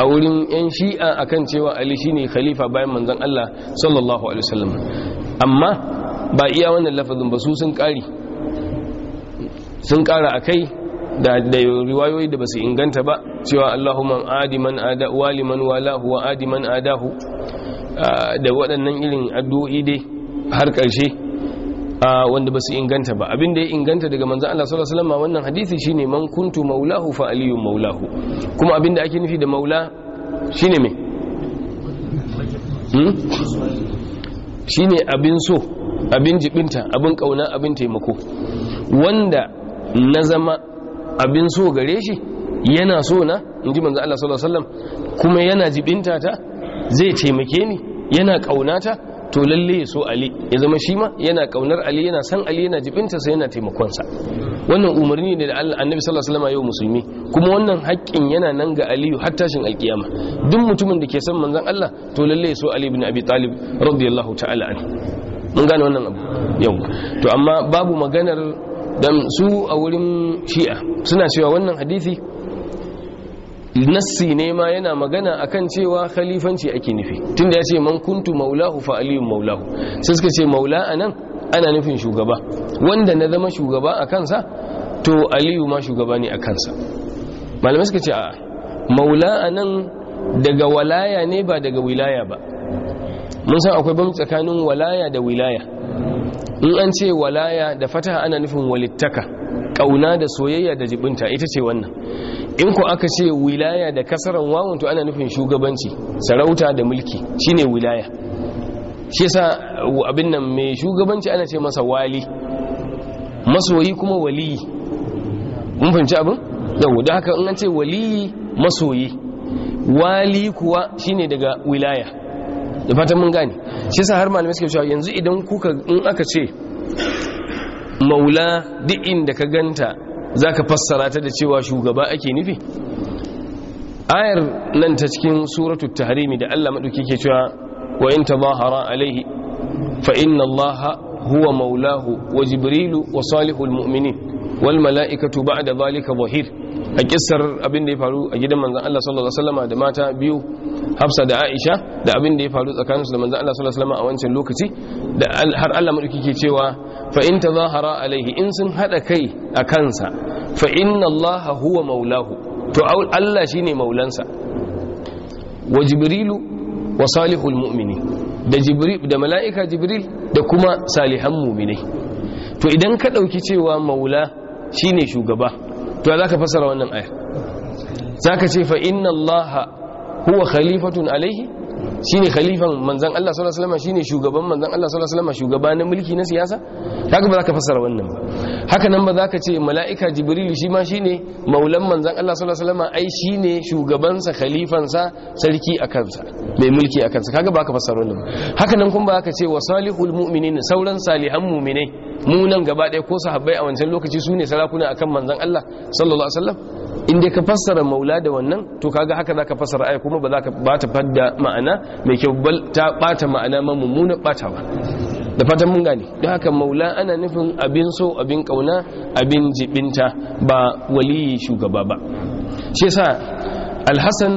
S1: a wurin yan shi'a akan cewa ali ne khalifa bayan manzon Allah sallallahu alaihi wasallam amma ba iya wannan lafazin ba su sun kari sun kara akai da da riwayoyi da basu inganta ba cewa Allahumma adi ada walahu wa adahu da waɗannan irin addu'o'i dai har ƙarshe wanda ba su inganta ba Abin da ya inganta daga manzan Allah sallallahu alaihi wasallam wannan hadisi shine man kuntu maulahu fa aliyun maulahu kuma abin da ake nufi da maula shine ne? Hmm? shine abin so abin jibinta abin kauna abin taimako wanda na zama abin so gare shi yana so na in ji manzan Allah sallallahu alaihi wasallam kuma yana jibinta ta zai taimake ni yana ta to lalle ya so ali ya zama shi ma yana ƙaunar ali yana san ali yana jibinta sai yana taimakonsa wannan umarni ne da annabi sallallahu alaihi wasallam yau musulmi kuma wannan haƙƙin yana nan ga aliyu har tashin alkiyama duk mutumin da ke san manzon Allah to lalle ya so ali ibn abi talib radiyallahu ta'ala an mun gane wannan abu yau to amma babu maganar dan su a wurin shi'a suna cewa wannan hadisi nassi ne ma yana magana akan cewa khalifanci ake nufi tunda ya ce man kuntu maulahu fa aliyun maulahu sai suka ce maula anan ana nufin shugaba wanda na zama shugaba a kansa to aliyu ma shugaba ne a kansa malamai suka ce a maula anan daga walaya ne ba daga wilaya ba mun san akwai bam tsakanin walaya da wilaya in an ce walaya da fataha ana nufin walittaka kauna da soyayya da jibinta ita ce wannan in ku aka ce wilaya da kasaran wawon to ana nufin shugabanci sarauta da mulki shine wilaya shi yasa abin nan mai shugabanci ana ce masa wali masoyi kuma waliyi mun fahimci abin yau da haka in an ce waliyi masoyi wali kuwa shine daga wilaya da fatan mun gane shi yasa har malamai suke cewa yanzu idan kuka in aka ce maula duk inda ka ganta za ka fassara ta da cewa shugaba ake nufi ayar nan ta cikin suratul tahrimi da Allah maɗauki ke cewa wa in tazahara alaihi fa inna Allah huwa maulahu wa jibrilu wa salihul mu'minin wal mala'ikatu ba'da zalika zahir a kisar abin da ya faru a gidan manzan Allah sallallahu alaihi da mata biyu Hafsa da Aisha da abin da ya faru tsakaninsu da manzan Allah sallallahu alaihi a wancan lokaci da har Allah ke cewa fa in tazahara alaihi in sun haɗa kai a kansa fa inna Allah huwa maulahu to Allah shine maulansa wa jibrilu wa salihul mu'mini da jibril da mala'ika jibril da kuma salihan mu'minai to idan ka ɗauki cewa maula shine shugaba to za ka fasara wannan ayar za ka ce fa inna allaha huwa khalifatun alaihi Shi ne khalifan Manzan Allah sallallahu alaihi wasallam ne shugaban Manzan Allah sallallahu alaihi wasallam shugaba na mulki na siyasa kaga ba za ka fassara wannan ba haka nan ba za ka ce mala'ika jibrilu shi ma ne maulan Manzan Allah sallallahu alaihi wasallam ai shi shugaban sa khalifan sa sarki a kansa mai mulki a kansa kaga ba ka fassara wannan haka nan kuma ba ka ce wa salihul mu'minin sauran salihan mu'minai mu nan gaba ɗaya ko sahabbai a wancan lokaci su ne sarakuna akan Manzan Allah sallallahu alaihi wasallam in dai ka fassara maula da wannan to kaga haka zaka fassara aya kuma ba za ka bata fadda ma'ana mai kyau bal ta bata ma'ana ma mummuna batawa da fatan mun gane don haka maula ana nufin abin so abin kauna abin jibinta ba waliyi shugaba ba shi yasa alhassan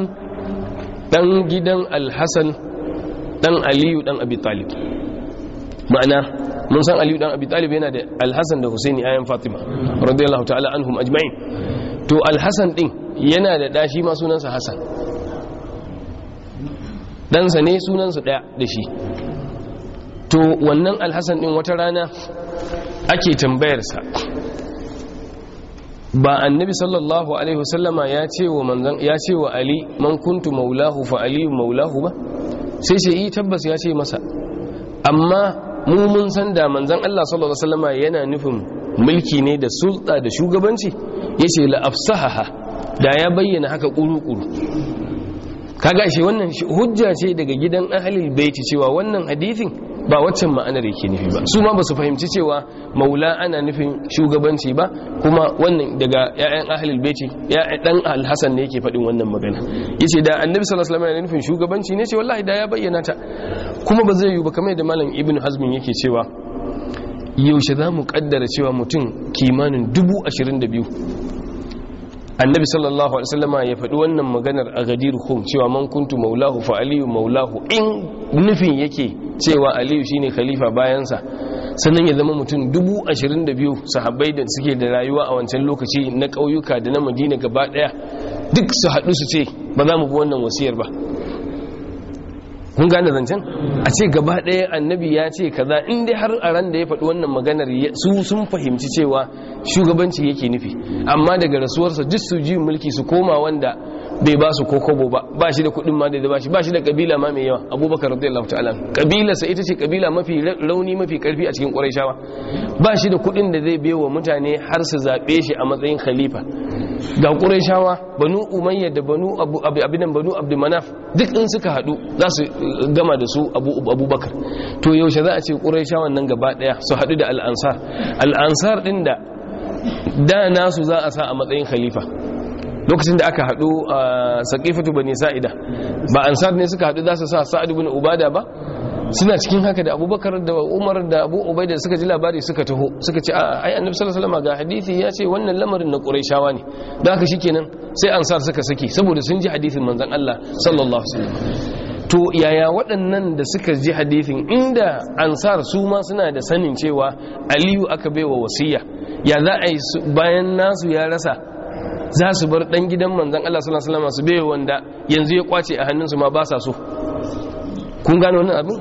S1: dan gidan alhassan dan aliyu dan abi talib ma'ana mun san aliyu dan abi talib yana da alhassan da husaini ayan fatima radiyallahu ta'ala anhum ajma'in to alhassan din yana da dashi ma sunansa hassan ɗansa ne sunansa ɗaya da shi to wannan alhassan din wata rana ake tambayarsa ba annabi sallallahu alaihi wasallama ya ce wa manzan ya ce wa ali man kuntu maulahu fa ali maulahu ba sai shi eh, tabbas ya ce masa amma mu mun san da manzan Allah sallallahu alaihi wasallama yana nufin mulki ne da sulta da shugabanci ya ce la'afsahaha da ya bayyana haka kurukuru. kaga shi wannan hujja ce daga gidan ahalil baiti cewa wannan hadithin ba waccan ma'anar yake nufi ba su ma ba su fahimci cewa maula ana nufin shugabanci ba kuma wannan daga ya'yan ahalil baiti ya'yan dan Alhassan ne yake faɗin wannan magana yace da annabi sallallahu alaihi wasallam nufin shugabanci ne ce wallahi da ya bayyana ta kuma ba zai yiwu ba kamar da malam ibnu hazmin yake cewa yaushe za mu kaddara cewa mutum kimanin dubu ashirin da biyu annabi sallallahu alaihi wasallama ya faɗi wannan maganar a gadir hum cewa man kuntu maulahu fa aliyu maulahu in nufin yake cewa aliyu shine khalifa bayansa sannan ya zama mutum dubu ashirin da biyu sahabbai da suke da rayuwa a wancan lokaci na ƙauyuka da na madina gaba ɗaya duk su haɗu su ce ba za mu bi wannan wasiyar ba kun gane zancen a ce gaba ɗaya annabi ya ce kaza in dai har a ran da ya faɗi wannan maganar su sun fahimci cewa shugabanci yake nufi amma daga rasuwarsa duk su ji mulki su koma wanda bai ba su kokobo ba ba shi da kudin ma da ba shi ba shi da kabila ma mai yawa abubakar radiyallahu ta'ala kabila sa ita ce kabila mafi rauni mafi karfi a cikin quraishawa ba shi da kudin da zai wa mutane har su zabe shi a matsayin khalifa ga quraishawa banu umayya da banu abu abinan banu abdumanaf duk in suka hadu za su eh, gama da su abu abubakar to yaushe za a ce quraishawan nan gaba daya su hadu da al-ansar al-ansar din da da nasu za a sa a matsayin khalifa lokacin da aka haɗu a saƙifatu bane sa'ida ba ansar ne suka haɗu za su sa sa'ad ibn ubada ba suna cikin haka da abubakar da umar da abu ubaida suka ji labari suka taho suka ce ai annabi sallallahu alaihi wasallam ga hadisi ya ce wannan lamarin na quraishawa ne da haka shikenan sai ansar suka saki saboda sun ji hadisin manzon Allah sallallahu alaihi wasallam to yaya waɗannan da suka ji hadisin inda ansar su ma suna da sanin cewa aliyu aka baiwa wasiya ya za a yi bayan nasu ya rasa za su bar dan gidan manzon Allah sallallahu alaihi wasallam su bai wanda yanzu ya kwace a hannunsu ma ba sa so kun gano wannan abin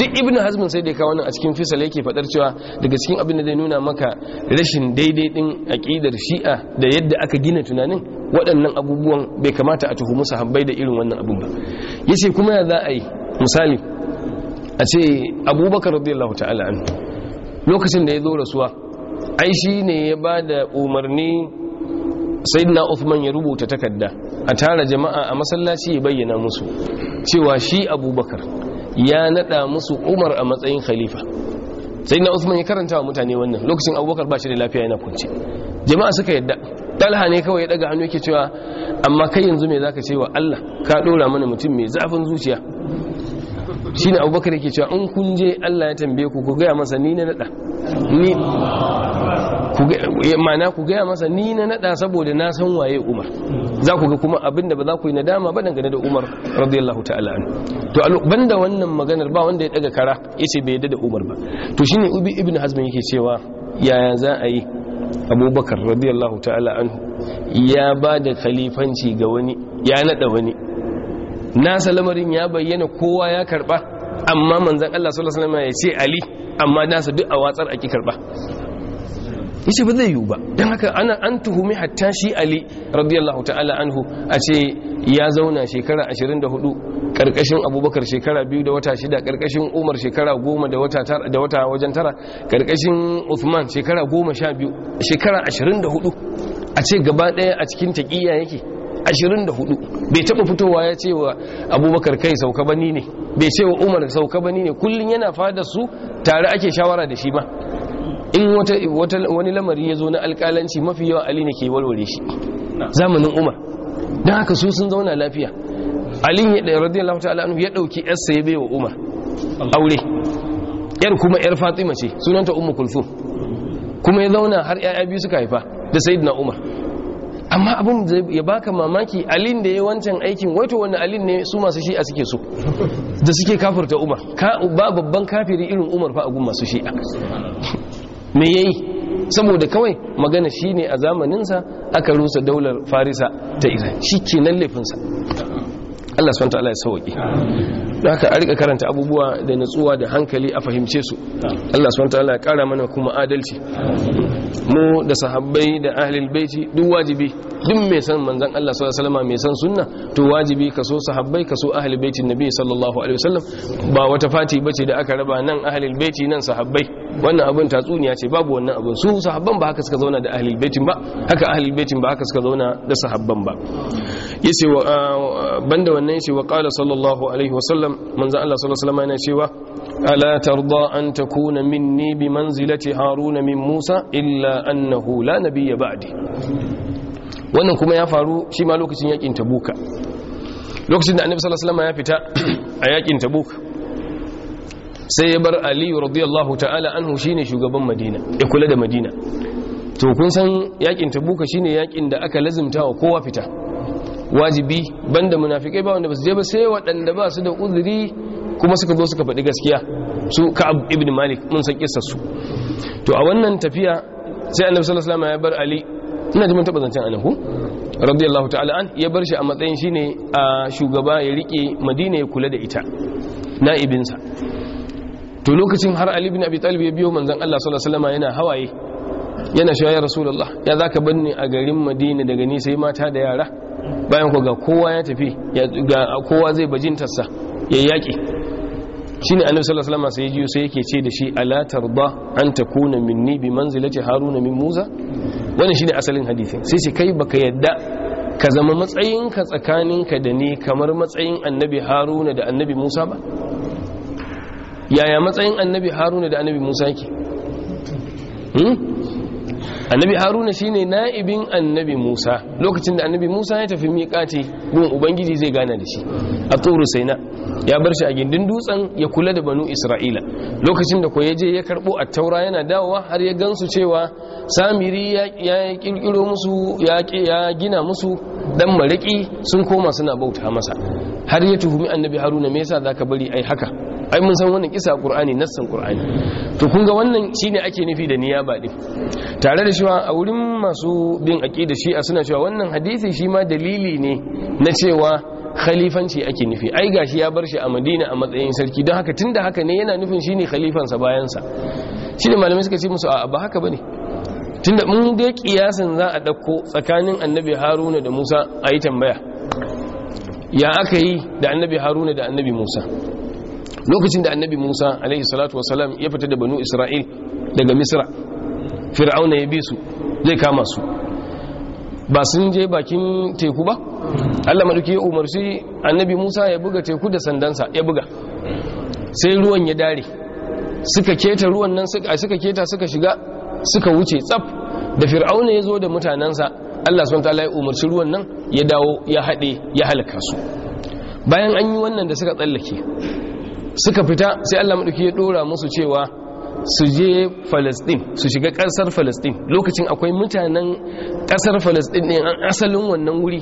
S1: duk ibn hazm sai da ya kawo nan a cikin fisal yake fadar cewa daga cikin abin da zai nuna maka rashin daidai din aqidar shi'a da yadda aka gina tunanin waɗannan abubuwan bai kamata a tuhumu sahabbai da irin wannan abin ba yace kuma za a yi misali a ce abubakar radiyallahu ta'ala anhu lokacin da ya zo rasuwa ai shi ne ya ba da umarni sayyidina Uthman ya rubuta takarda a tara jama'a a masallaci ya bayyana musu cewa shi Abubakar ya nada musu Umar a matsayin khalifa sayyidina Uthman ya karanta wa mutane wannan lokacin Abubakar ba shi da lafiya yana kwance jama'a suka yadda Talha ne kawai ya daga hannu yake cewa amma kai yanzu me zaka ce wa Allah ka dora mana mutum mai zafin zuciya shine abubakar yake cewa in kun je Allah ya tambaye ku ku gaya masa ni na nada eh, mana ku gaya masa ni na nada saboda na san waye Umar za ku ga kuma abinda ba za ku yi nadama ba dangane da Umar radiyallahu ta'ala an to banda wannan maganar ba wanda ya daga kara yace bai yadda da Umar ba to shine Ubi ibn Hazm yake cewa yaya za a yi Abubakar radiyallahu ta'ala anhu ya ba da khalifanci ga wani ya nada wani nasa lamarin ya bayyana kowa ya karba amma manzan Allah sallallahu alaihi wasallam ya ce ali amma nasa duk a watsar ake karba yace ba zai yiwu ba dan haka ana an tuhumi hatta shi ali radiyallahu ta'ala anhu a ce ya zauna shekara 24 karkashin abubakar shekara biyu da wata shida karkashin umar shekara goma da wata tara da wata wajen tara karkashin uthman shekara goma sha biyu shekara 24 a ce gaba daya a cikin taqiya yake 24 bai taba fitowa ya cewa abubakar kai sauka bani ne bai ce umar sauka bani ne kullum yana fada su tare ake shawara da shi ba. in wani lamari ya zo na alkalanci mafi yawan ali ne ke walware shi zamanin umar don haka su sun zauna lafiya ali ya ɗaya radiyar lafata al'anu ya ɗauki yarsa ya baiwa umar aure yar kuma yar fatima ce sunanta umar kulfu kuma ya zauna har 'ya'ya biyu suka haifa da sayidina umar amma abin da ya baka mamaki alin da ya wancan aikin waito wani alin ne su masu shi'a suke so da suke kafirta umar ba babban kafiri irin umar fa agun masu shi'a me yayi saboda kawai magana shi ne a zamaninsa aka rusa daular farisa ta iran shi kenan laifinsa Allah subhanahu ta'ala ya sauki da haka a rika karanta abubuwa da natsuwa da hankali a fahimce su Allah subhanahu ta'ala ya kara mana kuma adalci mu da sahabbai da ahlul baiti duk wajibi duk mai san manzon Allah sallallahu alaihi wasallam mai san sunna to wajibi kaso sahabbai kaso ahlul baitin nabi sallallahu alaihi wasallam ba wata fati bace da aka raba nan ahlul baiti nan sahabbai wannan abin tatsuniya ce babu wannan abin su sahabban ba haka suka zauna da ahlul baitin ba haka ahlul baitin ba haka suka zauna da sahabban ba yace wa ah, banda wannan yace wa qala sallallahu alaihi wa sallam manzo Allah sallallahu alaihi wasallam yana cewa ala tarda an takuna minni bi manzilati harun min musa illa annahu la nabiyya ba'di wannan kuma ya faru shi ma lokacin yakin tabuka lokacin da annabi sallallahu alaihi wasallam ya fita a yakin tabuka sai ya bar ali radiyallahu ta'ala anhu shine shugaban madina ya kula da madina to kun san yakin tabuka shine yakin da aka lazimta wa kowa fita wajibi banda munafikai ba wanda ba su je ba sai waɗanda ba su da uzuri kuma suka zo suka faɗi gaskiya su ka'ab ibn malik mun san kissar su to a wannan tafiya sai annabi sallallahu alaihi wasallam ya bar ali ina ji mun taba zancen annahu radiyallahu ta'ala an ya bar shi a matsayin shine a shugaba ya rike madina ya kula da ita na ibinsa to lokacin har ali bin abi talib ya biyo manzon Allah sallallahu alaihi wasallam yana hawaye yana cewa ya rasulullah ya zaka banni a garin madina daga ni sai mata da yara bayan ku ga kowa ya tafi ga kowa zai bajintarsa ya yaki shine annabi sallallahu alaihi wasallam sai ya ji sai yake ce da shi ala tarda an takuna minni bi manzilati haruna min musa wannan shine asalin hadisin sai ce kai baka yadda ka zama matsayinka tsakaninka da ni kamar matsayin annabi haruna da annabi musa ba yaya matsayin annabi haruna da annabi musa ke? Hmm? annabi haruna shine na'ibin annabi musa lokacin da annabi musa ya tafi miƙati gun ubangiji zai gana da shi a tsoro saina ya bar shi a gindin dutsen ya kula da banu isra'ila lokacin da kwaye ya je ya karbo a taura yana dawowa har ya gansu cewa samiri ya kirkiro musu ya gina musu dan mariki sun koma suna bauta masa har ya tuhumi annabi haruna me yasa zaka bari ai haka ai mun san wannan kisa qur'ani nassan qur'ani to kun ga wannan shine ake nufi da niyaba din tare da cewa a wurin masu bin aqida shi'a suna cewa wannan hadisi shi ma dalili ne na cewa khalifanci ake nufi ai gashi ya bar shi a madina a matsayin sarki don haka tunda haka ne yana nufin shine khalifansa bayansa shi ne malamai suka ce musu a ba haka bane tunda mun da kiyasin za a ɗauko tsakanin annabi haruna da musa a yi tambaya ya aka yi da annabi haruna da annabi musa lokacin da annabi musa alaihi salatu wasalam ya fita da banu isra'il daga misra fir'auna ya bi su zai kama su ba sun je bakin teku ba allah maɗauki ya umarci annabi musa ya buga teku da sandansa ya buga sai ruwan ya dare suka keta ruwan nan suka keta suka shiga suka wuce tsaf da fir'auna ya zo da mutanensa allah sun ta ya umarci ruwan nan ya dawo ya haɗe ya halaka su bayan an yi wannan da suka tsallake suka fita sai Allah madauki ya ɗora musu cewa su je Palestine su shiga kasar Palestine lokacin akwai mutanen ƙasar Palestine ne an asalin wannan wuri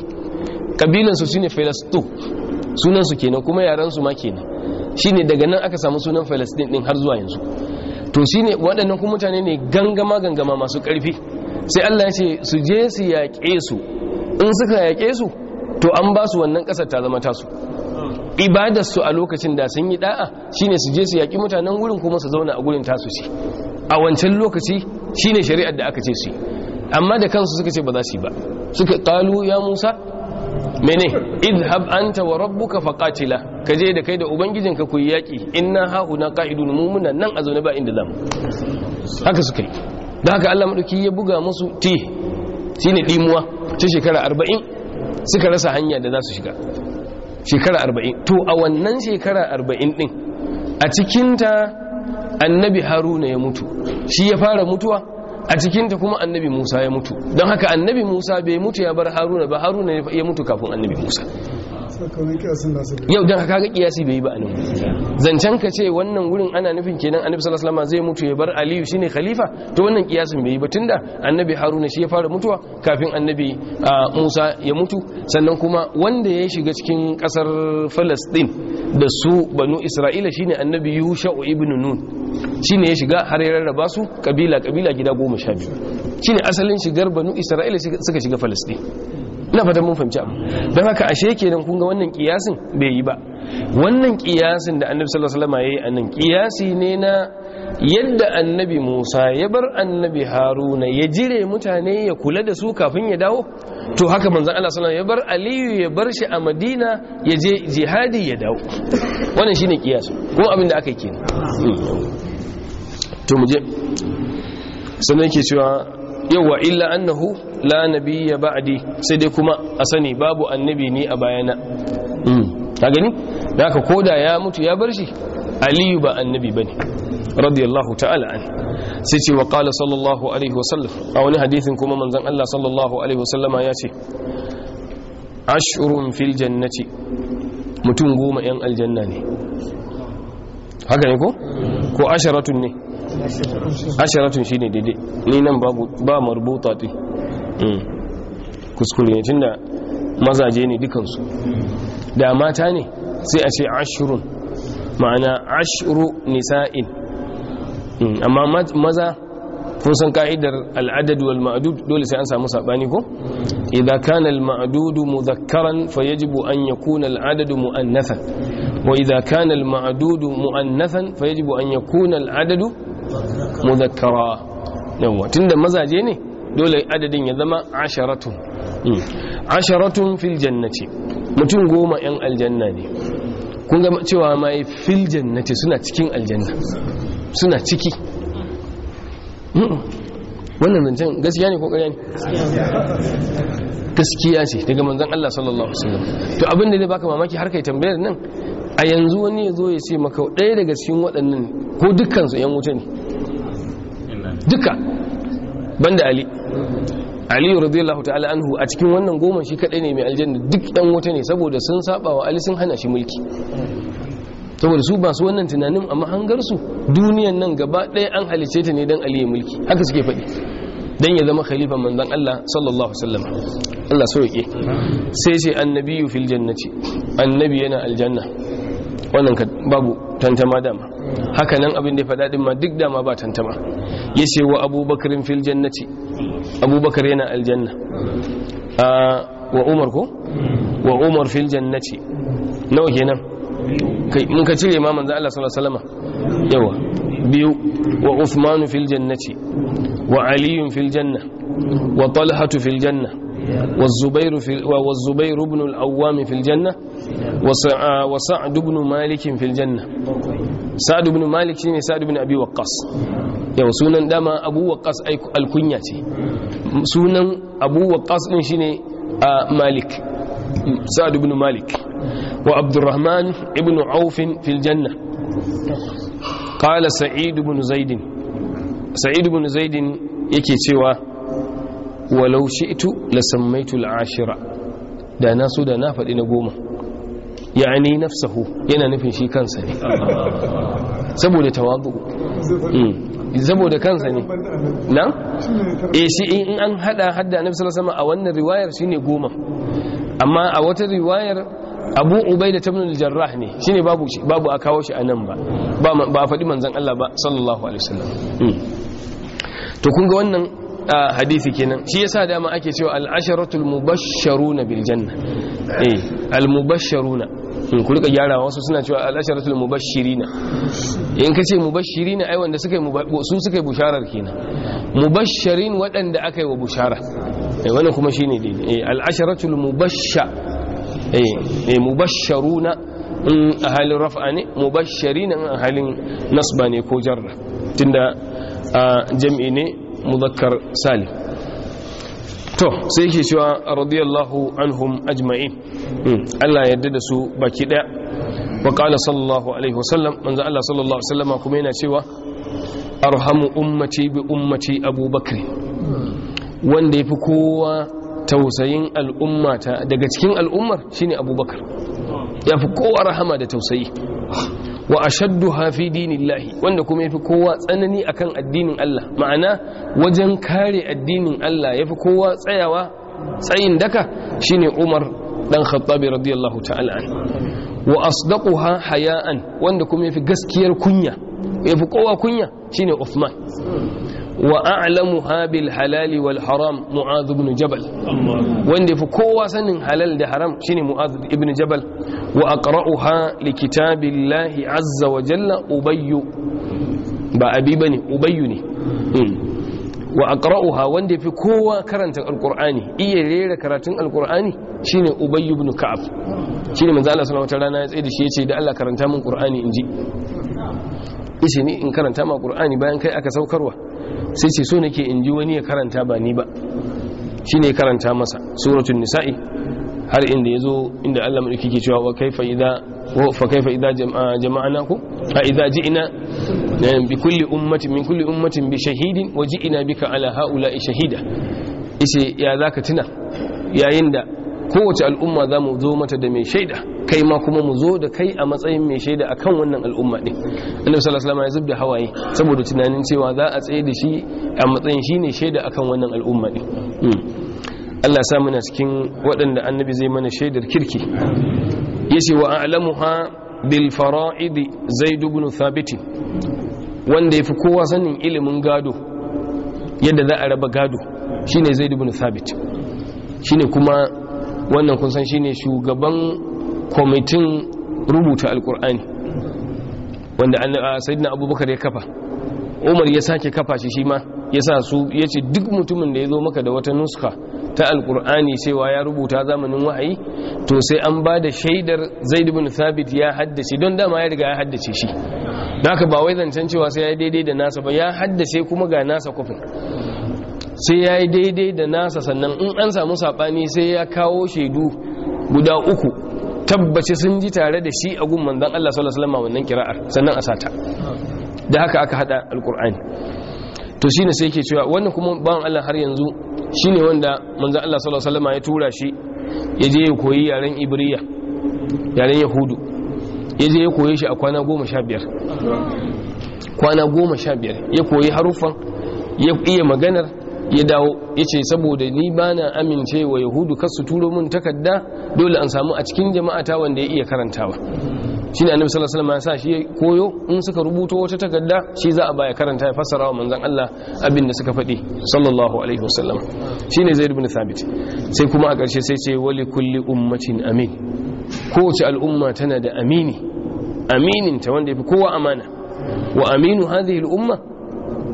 S1: kabilan su shine Palestine sunan kenan kuma yaran ma kenan shine daga nan aka samu sunan Palestine ɗin har zuwa yanzu to shine waɗannan kuma mutane ne gangama gangama masu ƙarfi sai Allah ya ce su je su yaƙe su in suka yaƙe su to an ba su wannan ƙasar ta zama tasu ibadar su a lokacin da sun yi da'a shine su je su yaki mutanen wurin kuma su zauna a gurin tasu ce a wancan lokaci shine shari'ar da aka ce su amma da kansu suka ce ba za su yi ba suka kalu ya musa mene idhab anta wa rabbuka faqatila kaje da kai da ubangijinka ku yi yaƙi inna hauna qa'idun mumuna nan a zaune ba inda zamu haka suka yi don haka Allah madauki ya buga musu ti shine dimuwa ta shekara arba'in suka rasa hanya da za su shiga shekara arba'in to a wannan shekara arba'in ɗin a cikinta annabi haruna ya mutu shi ya fara mutuwa a cikinta kuma annabi musa ya mutu don haka annabi musa bai mutu ya bar haruna ba haruna ya mutu kafin annabi musa yau don haka ga kiyasi bai yi ba anan zancen ka ce wannan wurin ana nufin kenan annabi sallallahu alaihi wasallam zai mutu ya bar aliyu shine khalifa to wannan kiyasin bai yi ba tunda annabi haruna shi ya fara mutuwa kafin annabi musa ya mutu sannan kuma wanda ya shiga cikin kasar falastin da su banu isra'ila shine annabi yusha ibn nun shine ya shiga har ya rarraba su kabila kabila gida goma sha biyu shine asalin shigar banu isra'ila suka shiga falastin ina fatan mun fahimci abu don haka ashe kenan kun ga wannan kiyasin bai yi ba wannan kiyasin da annabi sallallahu alaihi wasallam yayi anan kiyasi ne na yadda annabi Musa ya bar annabi Haruna ya jire mutane ya kula da su kafin ya dawo to haka manzon Allah sallallahu alaihi wasallam ya bar Aliyu ya bar shi a Madina ya je jihadi ya dawo wannan shine kiyasi kuma abin da aka yi kenan hmm. to mu je sannan cewa yawa illa annahu la nabiyya ba'di sai dai kuma a sani babu annabi ni a bayana hmm. ka gani da haka koda ya mutu ya bar shi aliyu ba annabi bane radiyallahu ta'ala an sai ce wa qala sallallahu alaihi wasallam a wani hadisin kuma manzon Allah sallallahu alaihi wasallama ya ce ashurun fil jannati mutum goma yan aljanna ne haka ne ko ko asharatun ne asharatun shi ne daidai ni nan ba marubuta ɗi hmm. kuskure ne tun da mazaje ne dukansu da mata ne sai a ce ashirun ma'ana ashiru nisa'in hmm. amma maza kun ka'idar al'adadu wal ma'dud dole sai an samu saɓani ko idza kana al ma'dud mudhakkaran fayajibu an yakuna al adad mu'annathan wa idza kana al ma'dud mu'annathan fayajibu an yakuna al adad muzakkara yawa tunda mazaje ne dole adadin ya zama asharatun hmm. asharatun fil jannati mutum goma yan aljanna ne kun ga cewa mai eh, fil jannati suna cikin aljanna suna ciki hmm. wannan zancen gaskiya ne ko ƙarya ne gaskiya ce daga manzan Allah sallallahu alaihi wasallam to abinda ne baka mamaki har kai tambayar nan a yanzu wani ya zo ya ce maka ɗaya daga cikin waɗannan ko dukkansu yan wuta ne duka ban da ali ali radiyallahu ta'ala anhu a cikin wannan goma shi kadai ne mai aljanna duk yan wuta ne saboda sun saba wa ali sun hana shi mulki saboda su ba su wannan tunanin amma hangar su duniyan nan gaba ɗaya an halice ta ne don ali ya mulki haka suke faɗi dan ya zama khalifa manzon Allah sallallahu alaihi wasallam Allah so yake sai ce annabiyu fil jannati annabi yana aljanna wannan babu tantama dama haka nan abin da ya faɗa ɗin ma duk dama ba tantama ya ce wa abubakarin fil jannati abubakar yana aljanna wa umar ko wa umar fil jannati nawa kenan kai mun ka cire ma manzo Allah sallallahu alaihi wasallam yawa biyu wa Uthman fil jannati wa Ali fil janna wa Talha fil janna
S2: والزبير
S1: في والزبير بن العوام في الجنة wa sa'ad ibn malik sa'ad ibn malik shine sa'ad ibn abi waqqas yau sunan dama abu waqqas alkunya ce sunan abu waqqas din shine malik sa'ad ibn malik wa abdurrahman ibn auf fil janna qala sa'id ibn zaid sa'id ibn yake cewa walau la ashira da na so da na faɗi na goma yani nafsahu yana nufin shi kansa ne saboda tawadu mm. saboda kansa ne nan E, eh, shi in an hada hadda na fisar sama a wannan riwayar shine goma amma a wata riwayar abu ubai da al-jarrah ne shine babu babu a kawo shi a nan ba ba faɗi manzan Allah ba sallallahu alaihi wasallam mm. to kun ga wannan a hadisi kenan shi yasa dama ake cewa al-asharatul mubashsharuna bil janna eh al-mubashsharuna in hmm, ku rika gyara wasu suna cewa al-asharatul mubashshirina in kace mubashshirina ai wanda suka su suka yi busharar kenan mubashshirin waɗanda aka yi wa bushara eh wannan kuma shine dai eh al-asharatul mubashsha eh, eh mubashsharuna in halin raf'a ne mubashshirina in halin nasba ne ko jarra tunda jam'i ne muzakkar salim to sai yake cewa radiyallahu anhum ajma'in hmm, Allah ya yarda da su baki daya wa qala sallallahu alaihi wasallam manzo Allah sallallahu alaihi wasallam kuma yana cewa arhamu ummati bi ummati abubakar wanda yafi kowa tausayin al'ummata daga cikin al'ummar shine abubakar yafi kowa rahama da tausayi wa ashadduha fi lahi wanda kuma yafi kowa tsanani akan addinin Allah ma'ana wajen kare addinin Allah yafi kowa tsayawa tsayin daka shine Umar dan Khattabi radiyallahu ta'ala an wa asdaquha haya'an wanda kuma yafi gaskiyar kunya yafi kowa kunya shine Uthman wa a'lamu habil halali wal haram mu'adh ibn jabal wanda fi kowa sanin halal da haram shine mu'adh ibn jabal wa aqra'uha likita biLlahi azza wa jalla ubayyu ba abi bane ubayyu ne wa aqra'uha wanda fi kowa karanta alqur'ani iya rera karatun alqur'ani shine ubayyu ibn ka'ab shine manzo Allah sallallahu rana ya tsaye da shi ya ce da Allah karanta min ƙur'ani in ji? ishe ni in karanta ma qur'ani bayan kai aka saukarwa sai ce so nake in ji wani ya karanta ba ni ba shine karanta masa suratul nisa'i har inda yazo inda Allah mai kike cewa wa kaifa idza fa kaifa idza jama'ana ku fa idza ji'na eh, bi kulli ummatin min kulli ummatin bi shahidin wa ji'na bika ala haula'i shahida ishe ya zaka tuna yayin da kowace al'umma za mu zo mata da mai shaida kai ma kuma mu zo da kai a matsayin mai shaida akan wannan al'umma din annabi sallallahu alaihi wasallam ya zubda hawaye saboda tunanin cewa za a tsaye da shi a matsayin shine shaida akan wannan al'umma din hmm. Allah sa mana cikin waɗanda annabi zai mana shaidar kirki yace wa a'lamuha bil fara'id zaid ibn thabit wanda yafi kowa sanin ilimin gado yadda za a raba gado shine zaid ibn thabit shine kuma wannan kun san shine shugaban kwamitin rubuta alkur'ani wanda sayyidina abubakar ya kafa umar ya sake kafa shi shi ma ya sa su ya ce duk mutumin da ya zo maka da wata nuska ta alkur'ani cewa ya rubuta zamanin wahayi to sai an ba da shaidar zaid bin thabit ya haddace don dama ya riga ya haddace shi naka ba wai zancen cewa sai ya daidai da nasa ba ya haddace kuma ga nasa kofin sai ya yi daidai da nasa sannan in an samu saɓani sai ya kawo shaidu guda uku tabbaci sun ji tare da shi a gun manzan Allah sallallahu alaihi wasallam wannan kira'ar sannan a sata da haka aka hada alqur'ani to shi ne sai ke cewa wannan kuma bawan Allah har yanzu shine wanda manzan Allah sallallahu alaihi wasallam ya tura shi ya je ya koyi yaren ibriya yaren yahudu ya je ya koyi shi a kwana goma sha biyar kwana goma sha biyar ya koyi haruffan ya iya maganar ya dawo ya ce saboda ni ba na amince wa yahudu kar su turo min takarda dole an samu a cikin jama'ata wanda ya iya karantawa shi ne annabi sallallahu alaihi wasallam ya sa shi koyo in suka rubuto wata takarda shi za a baya karanta ya fassara wa manzon Allah abin da suka faɗi sallallahu alaihi wasallam ne zaid ibn thabit sai kuma a ƙarshe sai ce wali kulli ummatin amin kowace al'umma tana da amini amininta wanda yafi kowa amana wa aminu hadhihi al'umma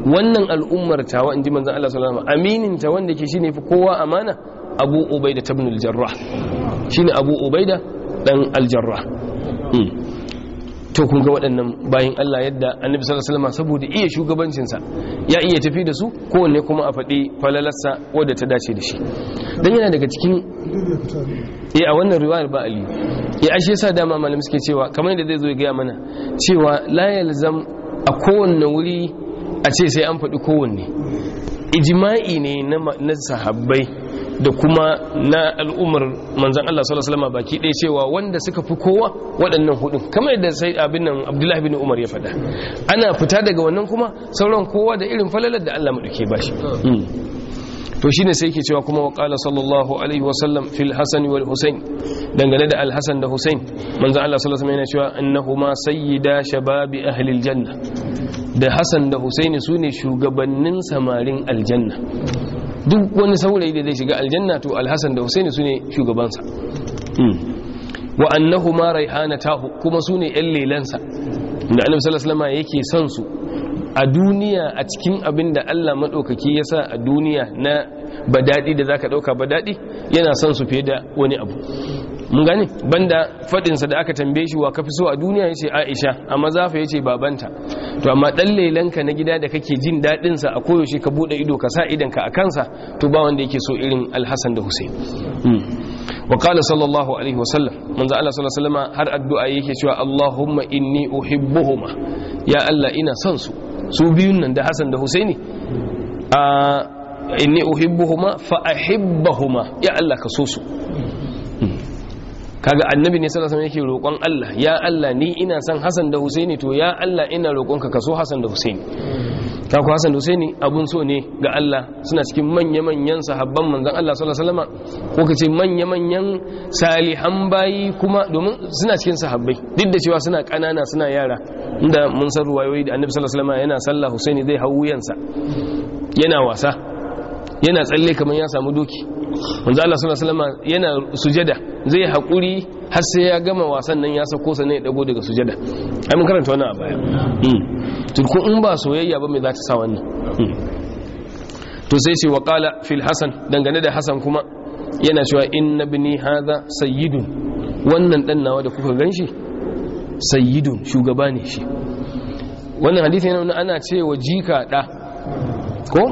S1: wannan al'ummar tawa inji manzon Allah sallallahu alaihi wasallam aminin ta wanda ke shine fi kowa amana Abu Ubaida ibn al-Jarrah shine Abu Ubaida dan al-Jarrah hmm. to kun ga waɗannan bayan Allah yadda annabi sallallahu alaihi wasallam saboda iya shugabancinsa ya iya tafi da su kowanne kuma a faɗi falalarsa wadda ta dace da shi dan yana daga cikin eh a wannan riwayar ba Ali ya eh, ashe yasa dama malam suke cewa kamar yadda zai zo ya gaya mana cewa la yalzam a kowanne wuri a ce sai an faɗi kowanne ijima'i ne na sahabbai da kuma na al'ummar manzan Allah sallallahu alaihi wasallam baki ɗaya cewa wanda suka fi kowa waɗannan hudu kamar yadda sai abin nan Abdullahi bin Umar ya faɗa ana fita daga wannan kuma sauran kowa da irin falalar da Allah mu dake bashi
S2: hmm.
S1: to shine sai yake cewa kuma wa qala sallallahu alaihi wasallam fil hasan wal husain dangane da al hasan da husain manzo Allah sallallahu alaihi wasallam yana cewa annahuma sayyida shababi ahli al janna da hasan da husaini sune shugabannin samarin aljanna duk wani saurayi da zai shiga aljanna to alhassan da husaini sune shugabansa hmm. wa annahu ma raihana tahu kuma sune yan lelansa da annabi sallallahu alaihi wasallam yake son su a duniya a cikin abin da Allah maɗaukaki ya sa a duniya na daɗi da za ka ɗauka daɗi yana son su fiye da wani abu mun Ban banda faɗinsa da aka tambaye shi wa kafi so a duniya ya ce aisha a mazafa ya ce babanta to amma ɗan lelanka na gida da kake jin daɗinsa a koyaushe ka buɗe ido ka sa idanka a kansa to ba wanda yake so irin alhassan da hussein hmm. sallallahu alaihi wa sallam, وسلم Allah sallallahu alaihi wa sallam har addu'a yake cewa, inni uhibbuhuma, ya Allah ina son su. su biyun nan da Hassan da Husaini a inni uhibbuhuma fa ahibbahuma ya Allah ka so su kaga annabi ne sallallahu alaihi wasallam yake roƙon Allah ya Allah ni ina son Hassan da Husaini to ya Allah ina roƙonka ka so Hassan da Husaini ka ku Hassan da Husaini abun so ne ga Allah suna cikin manya-manyan sahabban manzon Allah sallallahu alaihi wasallam ko kace manya-manyan salihan bayi kuma domin suna cikin sahabbai duk da cewa suna ƙanana suna yara inda mun san ruwayoyi da annabi sallallahu alaihi wasallam yana sallah Husaini zai hawo yansa yana wasa yana tsalle kamar ya samu doki wanzu Allah suna salama yana sujada zai hakuri har sai ya gama wasan nan ya sako sa dago daga sujada ai mun karanta wannan a baya hmm. turku in ba soyayya ba me za ta sa wannan hmm. to sai shi waqala fil hasan dangane da hasan kuma yana cewa inna bini hadha sayyidun wannan dan nawa da kuka ganshi sayyidun shugaba ne shi wannan hadisi yana ana cewa jika da ko